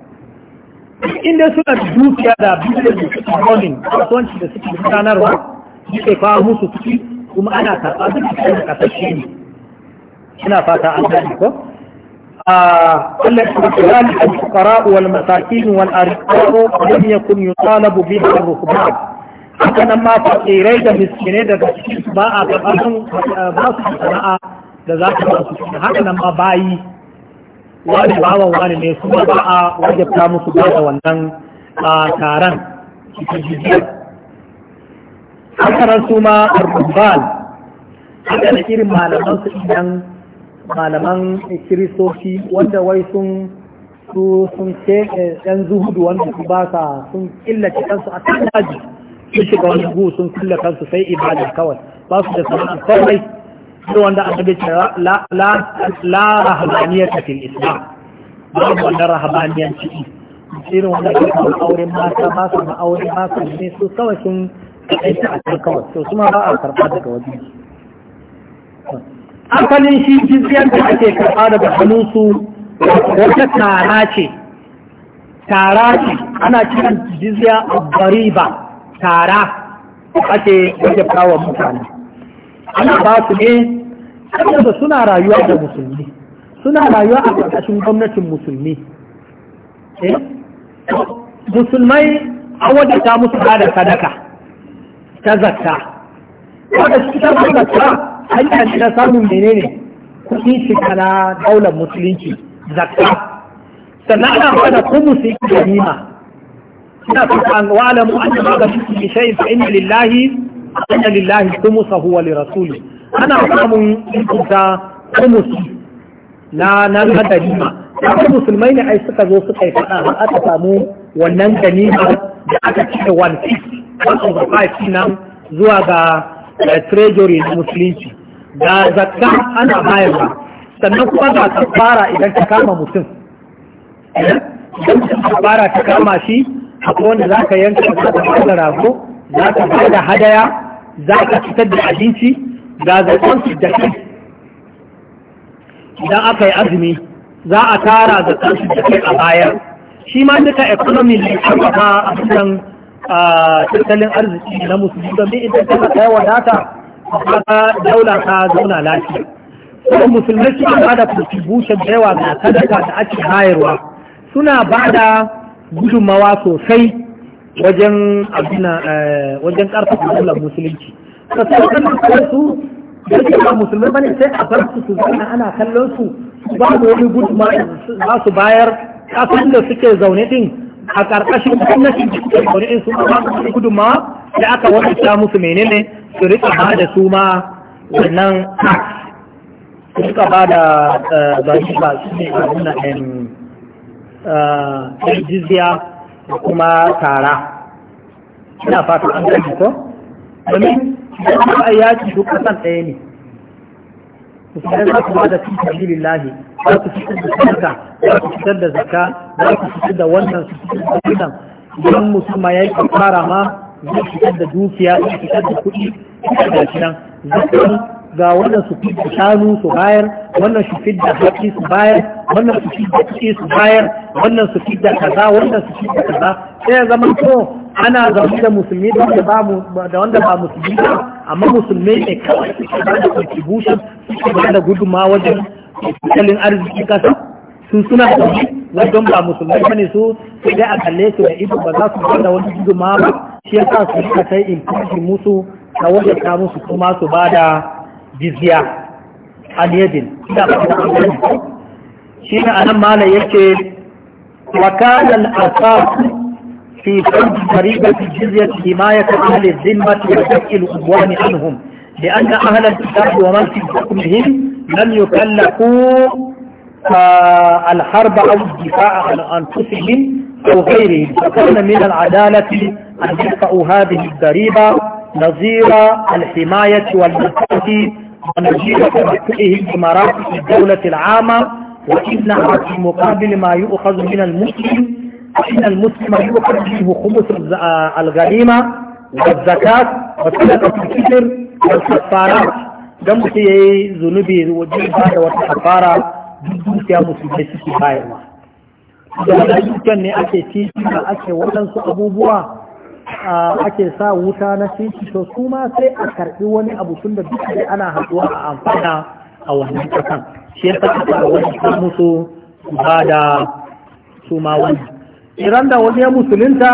[SPEAKER 1] inda suna dukiya da business da suke running kasuwanci da suke gudanarwa suke kawo musu kuɗi kuma ana karɓa duk da kuma kasashe ne ina fata an gani ko Allah ya yi ni al-fuqara wal masakin wal arqaqu lam yakun yutalabu bihi ar-ruhban hakanan ma fakirai da miskinai daga cikin ba a karɓar ba su sana'a da za ta ba su hakanan ma bayi
[SPEAKER 2] wani bawan wani ne kuma ba a wajabta musu ba da
[SPEAKER 1] wannan taron cikin jijiyar hakanan su ma arbubal haka da irin malaman su idan malaman kiristoci wanda wai sun su sun ce ɗan zuhudu wanda su ba sa sun killace kansu a kan daji sun shiga wani gu sun killa kansu sai ibadar kawai ba su da sana'a kawai sai wanda annabi cewa la la rahabaniyata fil islam babu wannan rahabaniyar ciki irin wanda ke kawo auren mata ba su ba su ne su kawai sun kaɗaita a kan kawai to su ma ba a karɓa daga wajen asalin shi jizyar da ake karɓa daga hannunsu wata tara ce tara ce ana cikin jizya a bari ba tara ake wajen mutane ana ba su ne saboda suna rayuwa da musulmi suna rayuwa a ƙarƙashin gwamnatin musulmi eh? musulmai an ta musu da sadaka ta zakka wadda su ta zakka hanya da samun menene kuɗi shiga na daular musulunci zakka sannan ana bada kuma su yi ganima suna fi an wa'alamu an ba maganin shi shayin fa'in lillahi ana lillahi khumsahu wa lirasuli ana samun kuta khumsi na hada hadarima sai musulmai ne ai suka zo suka yi fada har aka samu wannan ganima da aka cire 1.5 nan zuwa ga eh, treasury na musulunci
[SPEAKER 2] da zakka ana bayarwa
[SPEAKER 1] sannan kuma ga kafara idan ka kama mutum eh, idan kafara ka kama shi akwai wanda za ka yanka za ka bada rago za ka bada hadaya za ka fitar da abinci ga zaton da kai idan aka yi azumi za a tara zaton da kai a bayan shi ma duka economy ne a cikin tattalin arziki na musulmi domin idan kana kai wadata kaga daula ta zauna lafiya kuma musulmai su ba da contribution da yawa ga sadaka da ake bayarwa suna ba da gudunmawa sosai wajen abina eh, wajen karfa kula musulunci ka sai kan su da su ba musulmai bane sai a bar su su ana kallon su babu wani gudunma ba su bayar kafin da suke zaune din a karkashin gwamnati da suke zaune din su ma ba su gudunma da aka ta musu menene su rika ba da su ma wannan su rika ba da eh, ba shi ba shi ne a wannan eh, jizya da kuma tara ina fata an gani ko domin ba yaki duk kasan ɗaya ne misalin za su ba da cikin dalilin lahi za su fitar da zaka za su fitar da zaka, za su fitar da wannan su fitar da wannan idan musulma ya yi kafara ma zai da dukiya zai fitar da kuɗi fitar da shi nan ga wannan su fidda shanu su bayar wannan su fidda haƙi su bayar wannan su fidda kuɗi su bayar wannan su fidda kaza wannan su fidda kaza sai ya zama to ana zaune da musulmi da wanda ba musulmi ba amma musulmi ne kawai suke ba da contribution suke ba da gudunma wajen tattalin arziki kasa su suna da wajen ba musulmai ba ne su sai dai a kalle su da ido ba za su ba da wani gudunma ba shi yasa su suka kai in musu ta wajen ta su kuma su ba da جزية عن يد شين أنا ما لا anan وكان الأساس في فرض فريضة الجزية حماية أهل الذمة ودفع الأبوان عنهم لأن أهل الكتاب ومن في حكمهم لم يكلفوا آه، الحرب أو الدفاع عن أنفسهم أو غيرهم فكان من العدالة أن يدفعوا هذه الضريبة نظير الحماية والمنفعة ونجيبك بفقه بمراتب الدولة العامة وإنها في مقابل ما يؤخذ من المسلم فإن المسلم يؤخذ منه خمس الغنيمة والزكاة وصدقة الفطر والكفارات dan mutum ya yi zunubi wajen ba da wata kafara duk dukiya musulmai suke bayarwa
[SPEAKER 2] da wannan
[SPEAKER 1] ne ake titi ake waɗansu abubuwa ake sa wuta na cinci to su ma sai a karɓi wani abu tun da duk da ana haɗuwa a amfana a wannan kasan shi yasa fara wani ta musu ba da su ma wani iran da wani ya musulunta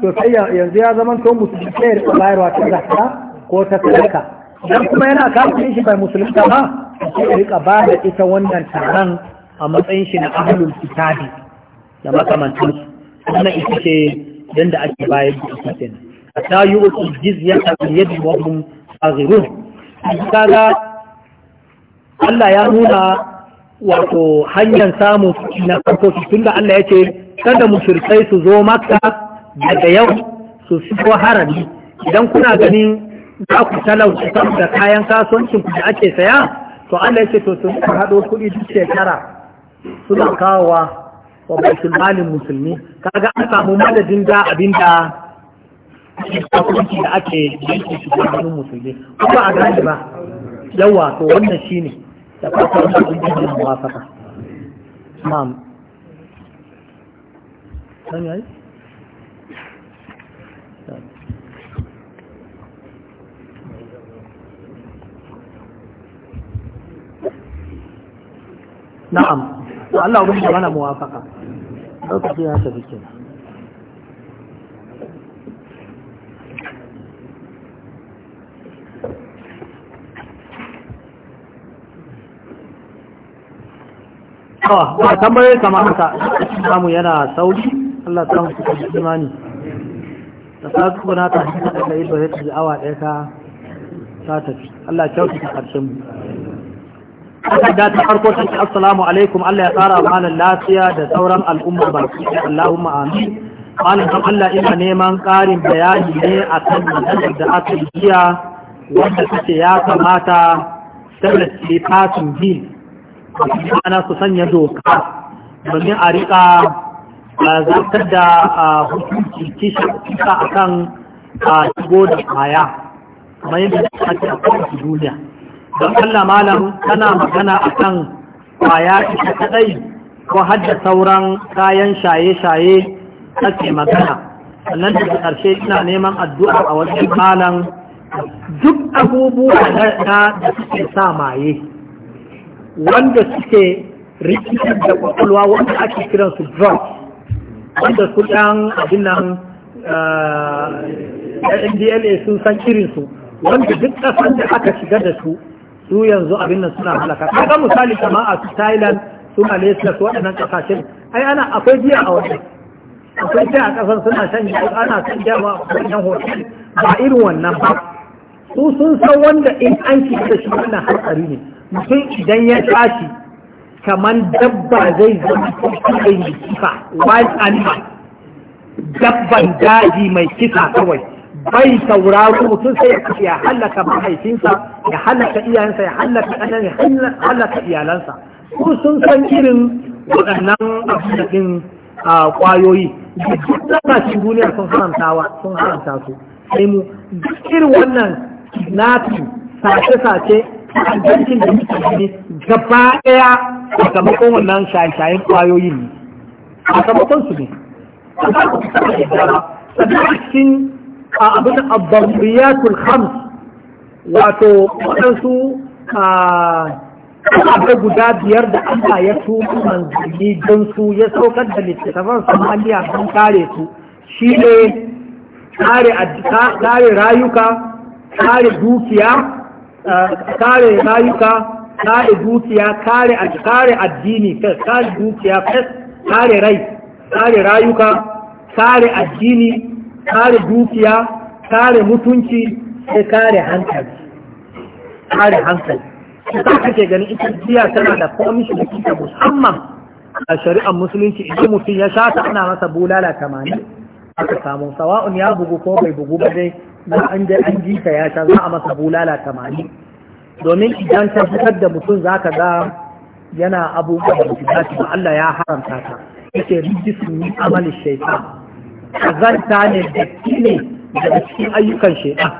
[SPEAKER 1] to sai yanzu ya zama to musulunta ya rika bayarwa ta zakka ko ta sadaka dan kuma yana kafin shi bai musulunta ba sai ya rika ba da ita wannan taron a matsayin shi na ahlul kitabi da makamantansu wannan ita ce yanda ake bayar da ita kenan hatta yu'tu jizyata bi yadi wa hum saghirun kaga Allah ya nuna wato hanyar samun na farko tunda Allah ya ce kada shirkai su zo maka daga yau su shigo harami idan kuna ganin za ku talauci da kayan kasuwancin ku da ake saya to Allah ya ce to sun haɗo kuɗi duk shekara suna kawowa wa baitul malin musulmi kaga an samu madadin da abinda hukunci da ake yanke shi gabanin musulmi kuma a gani ba yawa to wannan shine da fata wannan ubangiji na muwafaka ma'am san yayi na'am to Allah ubangiji mana muwafaka lokaci ya tafi kenan ba tambayoyi kama haka samu yana sauri Allah ta musu kan imani da sasu kuna ta hanyar da ido ya tafi awa ɗaya ta tafi Allah kyautu ta ƙarshen mu takarda ta farko ta ce assalamu alaikum Allah ya tsara malam lafiya da sauran al'umma baki da Allahumma amin malam dan Allah ina neman ƙarin bayani ne akan maganar da aka yi jiya wanda kace ya kamata tabbata ce fatin a ana su sanya doka domin a riƙa zartar da hukunci kisa akan shigo da kaya kamar yadda ake a kwanci duniya don Allah malam tana magana a kan kwaya ita kadai ko hadda sauran kayan shaye-shaye take magana sannan daga ƙarshe ina neman addu'a a wajen malam duk abubuwa na da suke sa maye wanda suke rikitar da kwakwalwa wanda ake kiransu drugs wanda su ɗan abin nan eh, ndla sun san irinsu wanda duk ƙasar da aka shiga da su su yanzu abin nan suna halaka kaga misali kama a Thailand su Malaysia su waɗannan kasashen ai ana akwai biya a wajen akwai biya a kasan suna shan giya ana san giya ma wannan hotel ba irin wannan ba su sun san wanda in an shiga da shi wannan hatsari ne mutum idan ya tashi kamar dabba zai zama kuma mai kifa wild animal dabban daji mai kisa kawai bai sauraro mutum sai ya halaka mahaifinsa ya halaka iyayensa ya halaka ɗanan ya halaka iyalansa ko sun san irin waɗannan abin kwayoyi da duk duniya sun haramtawa sun haramta su sai mu duk irin wannan kidnapping sace-sace albarkin da muke gini gaba ɗaya sakamakon wannan shaye-shayen kwayoyin ne a sakamakon su ne sannan a cikin a abin abubuwatul khams wato waɗansu abai guda biyar da Allah ya tuku manzanni don su ya saukar da littattafan samaniya don kare su shi ne kare rayuka kare dukiya kare rayuka kare dukiya kare addini kare dukiya fes, kare rai kare rayuka kare addini kare dukiya kare mutunci sai kare hankali kare hankali ta kake ganin ita jiya tana da komishin da kika musamman a shari'ar musulunci idan mutum ya sha ta ana masa bulala tamanin aka samu sawa'un ya bugu ko bai bugu ba dai na an an jita ya sha za a masa bulala tamanin domin idan ta fitar da mutum za ka ga yana abubuwan da ba Allah ya haramta ta yake rijisun amalin shaitan
[SPEAKER 2] kazanta
[SPEAKER 1] ne da ne daga cikin ayyukan shaidan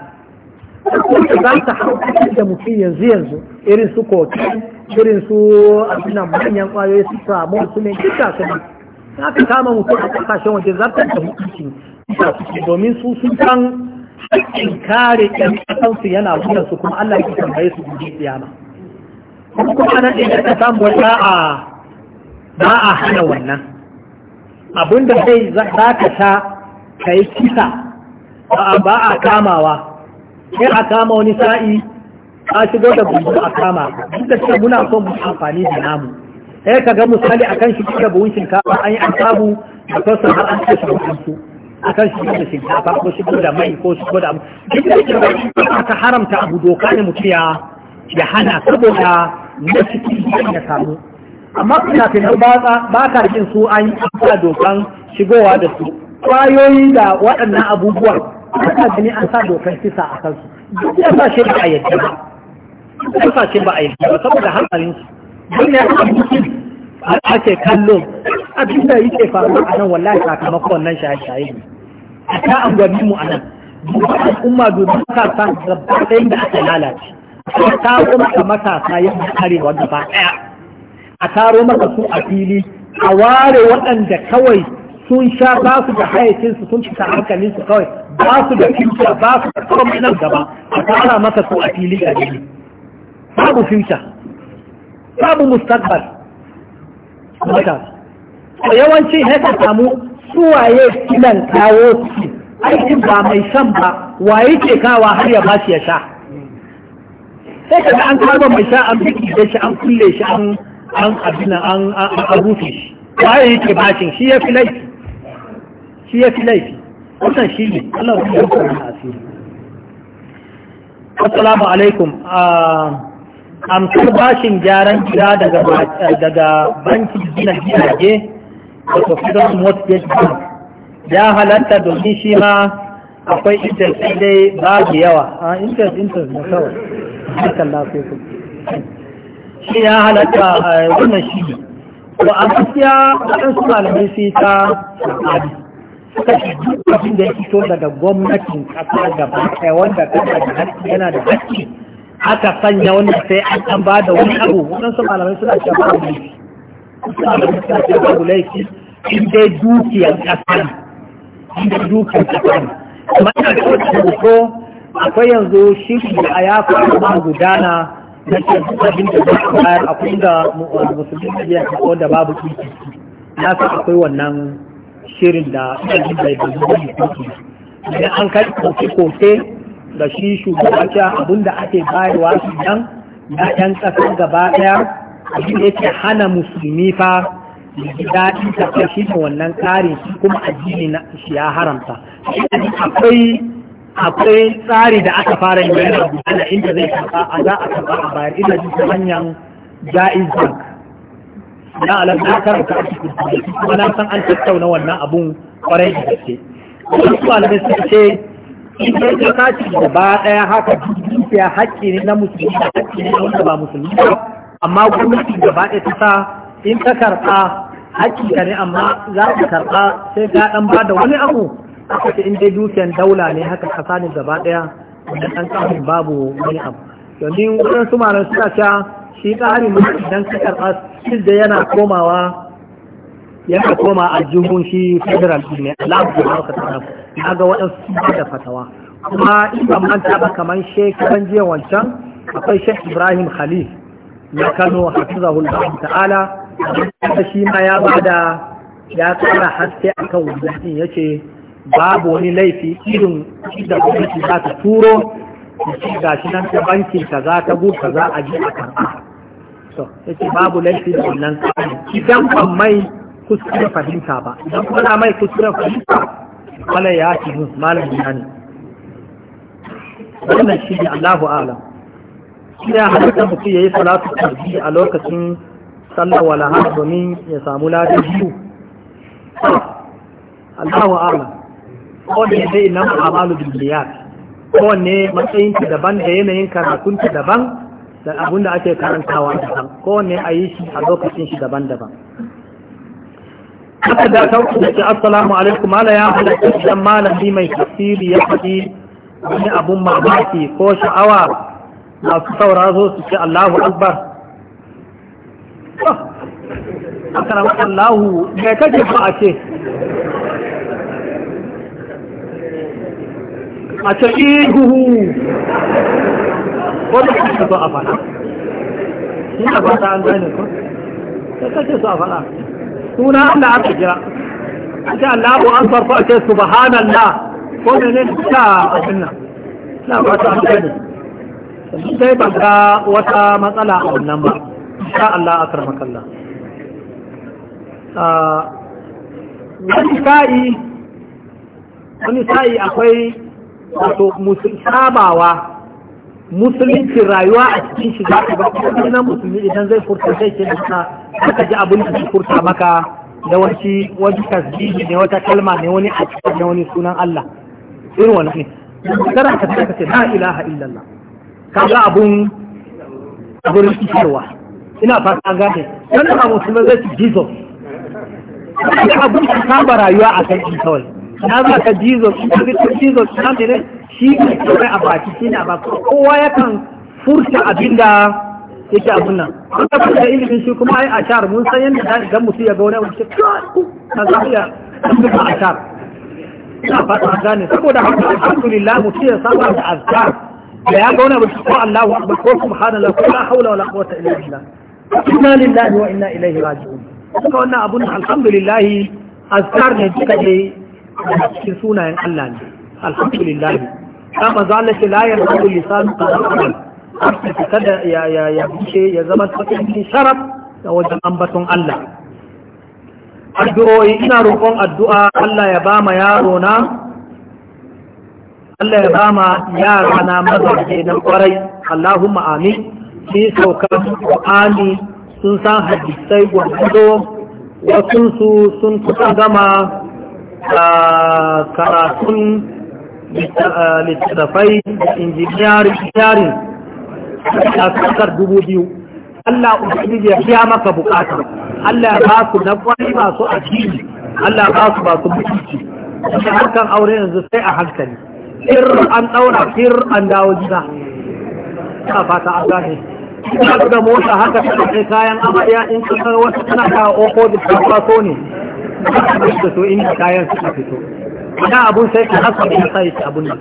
[SPEAKER 1] kuma za ta hankali da mutum yanzu yanzu irin su kokin irin su abinan manyan kwayoyi su samu su ne kika su ne za ka kama mutum a kasashen waje zartar da hukunci domin su sun san hakkin kare ɗan ƙasansu yana wunan su kuma Allah ya tambaye su guji tsiyama kuma nan ɗin da ta samu wata ba a hana wannan da zai za ka sha ka yi kisa ba a kamawa sai a kama wani sa'i a shigo da buhu a kama duk da muna son mu amfani da namu sai ka ga misali akan shi da buhun shinkafa an yi an samu da kwasa har an kashe buhunsu akan shi da shinkafa ko shi da mai ko shi da duk da shi haramta abu doka ne mutum ya hana saboda na cikin ya samu amma fina-finan ba ka rikin su an yi dokan shigowa da su kwayoyi da waɗannan abubuwan ana gani an sa dokan kisa a kansu duk ya shi ba a yadda ba ya shi ba a yadda ba saboda hankalinsu
[SPEAKER 3] don ne a cikin
[SPEAKER 1] a ake kallo cikin da yake faruwa a nan wallahi sakamakon nan shaye-shaye ne a ta an gwani mu a nan duba al'umma duba matasa ba ɗayan da aka lalace ta kuma matasa yin arewa gaba ɗaya a taro maka su a fili a ware waɗanda kawai sun sha ba su da hayacinsu sun fita hankalinsu kawai ba su da fita ba su da mai nan gaba a tara maka su a fili a fili babu fita babu mustaqbal mata yawanci haka samu suwaye filan kawo su aikin ba mai shan ba waye ke kawa har ya ba shi ya sha sai ka ga an kama mai sha an fiki da shi an kulle shi an an abin an rufe shi waye yake bashin shi ya fi laifi shi ya fi laifi wannan shi ne Allah ya yi kuma asiri assalamu alaikum ah, amsar bashin gyaran gida daga bankin gina gidaje da federal mortgage bank ya halatta domin shi ma akwai interest dai babu yawa ah, interest interest na kawai Thank you. shi ya halatta eh, wannan shi ba a gaskiya ɗan su malamai sai ta tsari suka shi duk abin da ya fito daga gwamnatin ƙasa ga ɗaya wanda kana da haƙƙi yana da haƙƙi aka sanya wanda sai an ɗan ba da wani abu waɗansu malamai suna shi cewa babu laifi suna cewa babu laifi in dai dukiyar ƙasa in dai dukiyar ƙasa kuma ina da wata hoto akwai yanzu shi a ya faru gudana na ce abin da za a bayar akwai da musulmi da ya kawo da babu kiki na sa akwai wannan shirin da ɗan da ya bazu da kiki idan an kai koke-koke da shi shugaba cewa abin da ake bayarwa su dan na ɗan gaba ɗaya abin da yake hana musulmi fa ji daɗin tafiya shi wannan ƙarin kuma addini na shi ya haramta akwai akwai tsari da aka fara yin yana gudana inda zai karɓa a za a karɓa a bayar ina ji ta hanyar jaiz bank na alamta na karanta a cikin kuma na san an tattauna wannan abun kwarai da gaske wasu alamai suka ce in kai ka kaci gaba ɗaya haka dukiya haƙƙi ne na musulmi da haƙƙi ne na wanda ba musulmi ba amma gwamnati gaba ɗaya ta sa in ka karɓa haƙƙi ka ne amma za ka karɓa sai ka ɗan ba da wani abu aka ce in dai dukiyar daula ne haka kasa ne gaba daya wanda ɗan ƙarfin babu wani abu domin wurin su malam suna cewa shi tsari mutum idan ka karɓa shi da yana komawa yana koma a jihun shi federal ne al'abu da aka tsara na ga waɗansu ba da fatawa kuma in ban manta ba kamar shekaran jiya wancan akwai shek ibrahim khalil na kano hafizahullahu ta'ala da shi ma ya ba da ya tsara haske akan wajen ce. babu wani laifi irin da gwamnati za ta turo da ga shi nan ta banki ka za ta gu ka za a ji a karɓa to yace babu laifi da wannan tsari idan ban mai kuskure fahimta ba idan kuma na mai kuskure fahimta wala ya ci mu malam ya ne wannan shi ne Allahu a'lam shi ya halatta mutum yayi salatu tarbi a lokacin sallar walaha domin ya samu ladan biyu Allahu a'lam ko ne zai nan amalu duniya ko ne ta daban da yanayin ta daban da abinda ake karantawa daban ko ne a yi shi a lokacin shi daban-daban haka da ta wuce ce assalamu alaikum mala ya halatta idan malami mai tafsiri ya faɗi wani abun mamaki ko sha'awa masu zo su ce Allahu Akbar ah, haka na Allahu mai kake ba a ce a ce ihuhu wanda kuka so a faɗa
[SPEAKER 3] ina ba ta an gane
[SPEAKER 1] ko sai kake so a faɗa suna Allah aka kira a Allah Allahu akbar ko a ce subhanallah ko ne ta abin nan na ba ta an gane sai ban ga wata matsala a wannan ba insha Allah akramakallah ah, wani sa'i wani sa'i akwai wato sabawa, musulunci rayuwa a cikin shi za ka baki na musulmi idan zai furta zai ce maka ka ji abin da shi furta maka yawanci wani tasbihi ne wata kalma ne wani a cikin da wani sunan Allah irin wani ne Kada ka ka ce la ilaha illallah kaga abun abun rikitarwa ina fata gane wani ba musulmi zai ci Jesus
[SPEAKER 3] abun ka saba rayuwa a kan shi
[SPEAKER 1] kawai na za ka jesus jesus na ne shi ne kawai a baki shi ne a baki kowa yakan furta abin da yake abin nan an ka furta ilimin shi kuma ai ashar mun san yadda da idan mutum ya ga wani wani shi ka za ya duka ashar ina fata a gane saboda haka alhamdulillah mutum ya saba da azkar da ya ga wani abu ko Allah Allahu akbar ko subhanallah ko la hawla wala quwwata illa billah inna lillahi wa inna ilaihi raji'un kuma wannan abun alhamdulillah azkar ne duka dai a cikin sunayen Allah ne alhamdulillah ta manzo Allah ce la yarzu lisanu qadran da ya ya ya bishe ya zama cikin sharaf da wajen ambaton Allah addu'o'i ina roƙon addu'a Allah ya ba ma yaro na Allah ya ba ma yara na mazaje na kwarai Allahumma amin shi saukar Qur'ani sun san hadisai gwargwado wasu sun kusa gama karatun littattafai da injiniyarin a kasar dubu biyu Allah Ubangiji ya fiya maka bukata Allah ya ba su na kwari masu addini Allah ya ba su ba su mutunci shi harkar aure yanzu sai a hankali fir an daura fir an dawo gida ta fata an gane ina da mota haka tana kai kayan amarya in ka san wata tana ka opposite ta kwaso ne da su in kayan suka fito da abun sai ka hasa da sai abun nan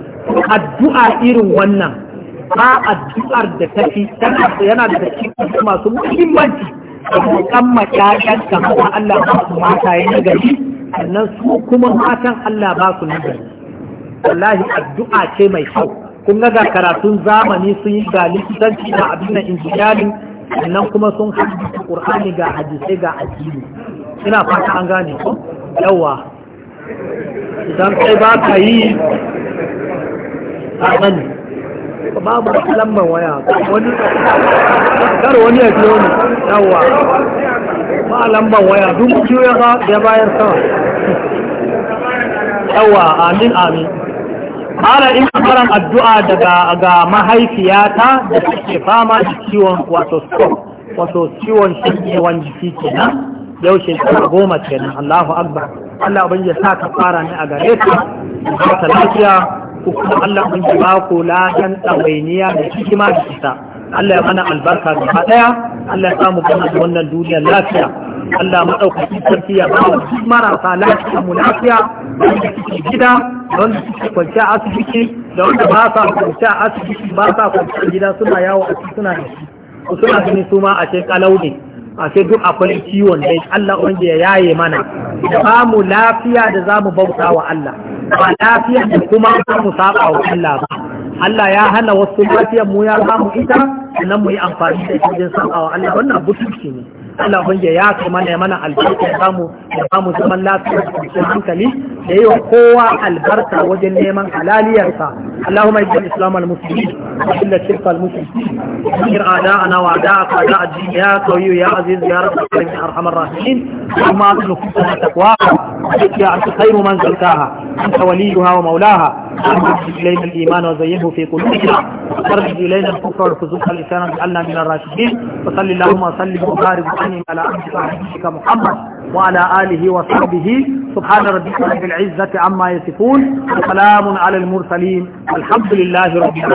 [SPEAKER 1] addu'a irin wannan ba addu'ar da tafi tana yana da cikin masu muhimmanci musamman ƴaƴan ka kuma Allah ba su mata yin gari sannan su kuma matan Allah ba su nan gari wallahi addu'a ce mai kyau kun ga ga karatun zamani sun yi ga likitanci da abin da injiniyarin sannan kuma sun hadisi ƙur'ani ga hadisai ga addini ina fata an gane ko yawa
[SPEAKER 3] idan kai ba ka yi
[SPEAKER 1] a sani babu lambar waya wani kar wani ya biyo ni yawa ba lambar waya duk biyu ya bayar sama yawa amin amin Kala ina karan addu'a daga ga mahaifiyata da suke fama da ciwon wato wato ciwon shanyewan jiki kenan yau shekara goma kenan Allahu Akbar Allah abin ya sa ka fara ne a gare ta ta lafiya kuma Allah ya ba ku lafiyan tsawainiya da hikima da ita Allah ya mana albarka gaba daya Allah ya samu gama da wannan duniya lafiya Allah ya maɗaukaki sarki ya bawa duk marasa lafiya mu lafiya wanda suke gida da wanda suke kwanci a asibiti da wanda ba sa kwanciya a asibiti ba sa kwanciya a gida suna yawo a suna da shi suna ganin su ma a ce kalau ne a sai duk akwai ciwon dai Allah wanda ya yaye mana ba mu lafiya da za mu bauta wa Allah ba lafiya da kuma za mu saba wa Allah ba Allah ya hana wasu lafiyar mu ya samu ita sannan mu yi amfani da ita wajen sabawa Allah wannan butulci ne Allah ban ya ta mana ya mana albarka ya bamu ya bamu zaman lafiya da kwanciyar hankali da yi wa kowa albarka wajen neman halaliyarsa Allahumma ya jami islam al-muslimin wa illa shirka al-muslimin shir a'da'ana wa a'da'aka wa da'a jini ya kawiyu ya aziz ya rabu karim ya arhamar rahimin amma azinu kusa takwa يا أنت خير من زكاها أنت وليها ومولاها أخرج إلينا الإيمان وزينه في قلوبنا وخرج إلينا الكفر والفسوق والإسلام اجعلنا من الراشدين وصل اللهم وسلم وبارك وسلم على عبدك ونبيك محمد وعلى آله وصحبه سبحان ربك رب العزة عما يصفون وسلام على المرسلين الحمد لله رب العالمين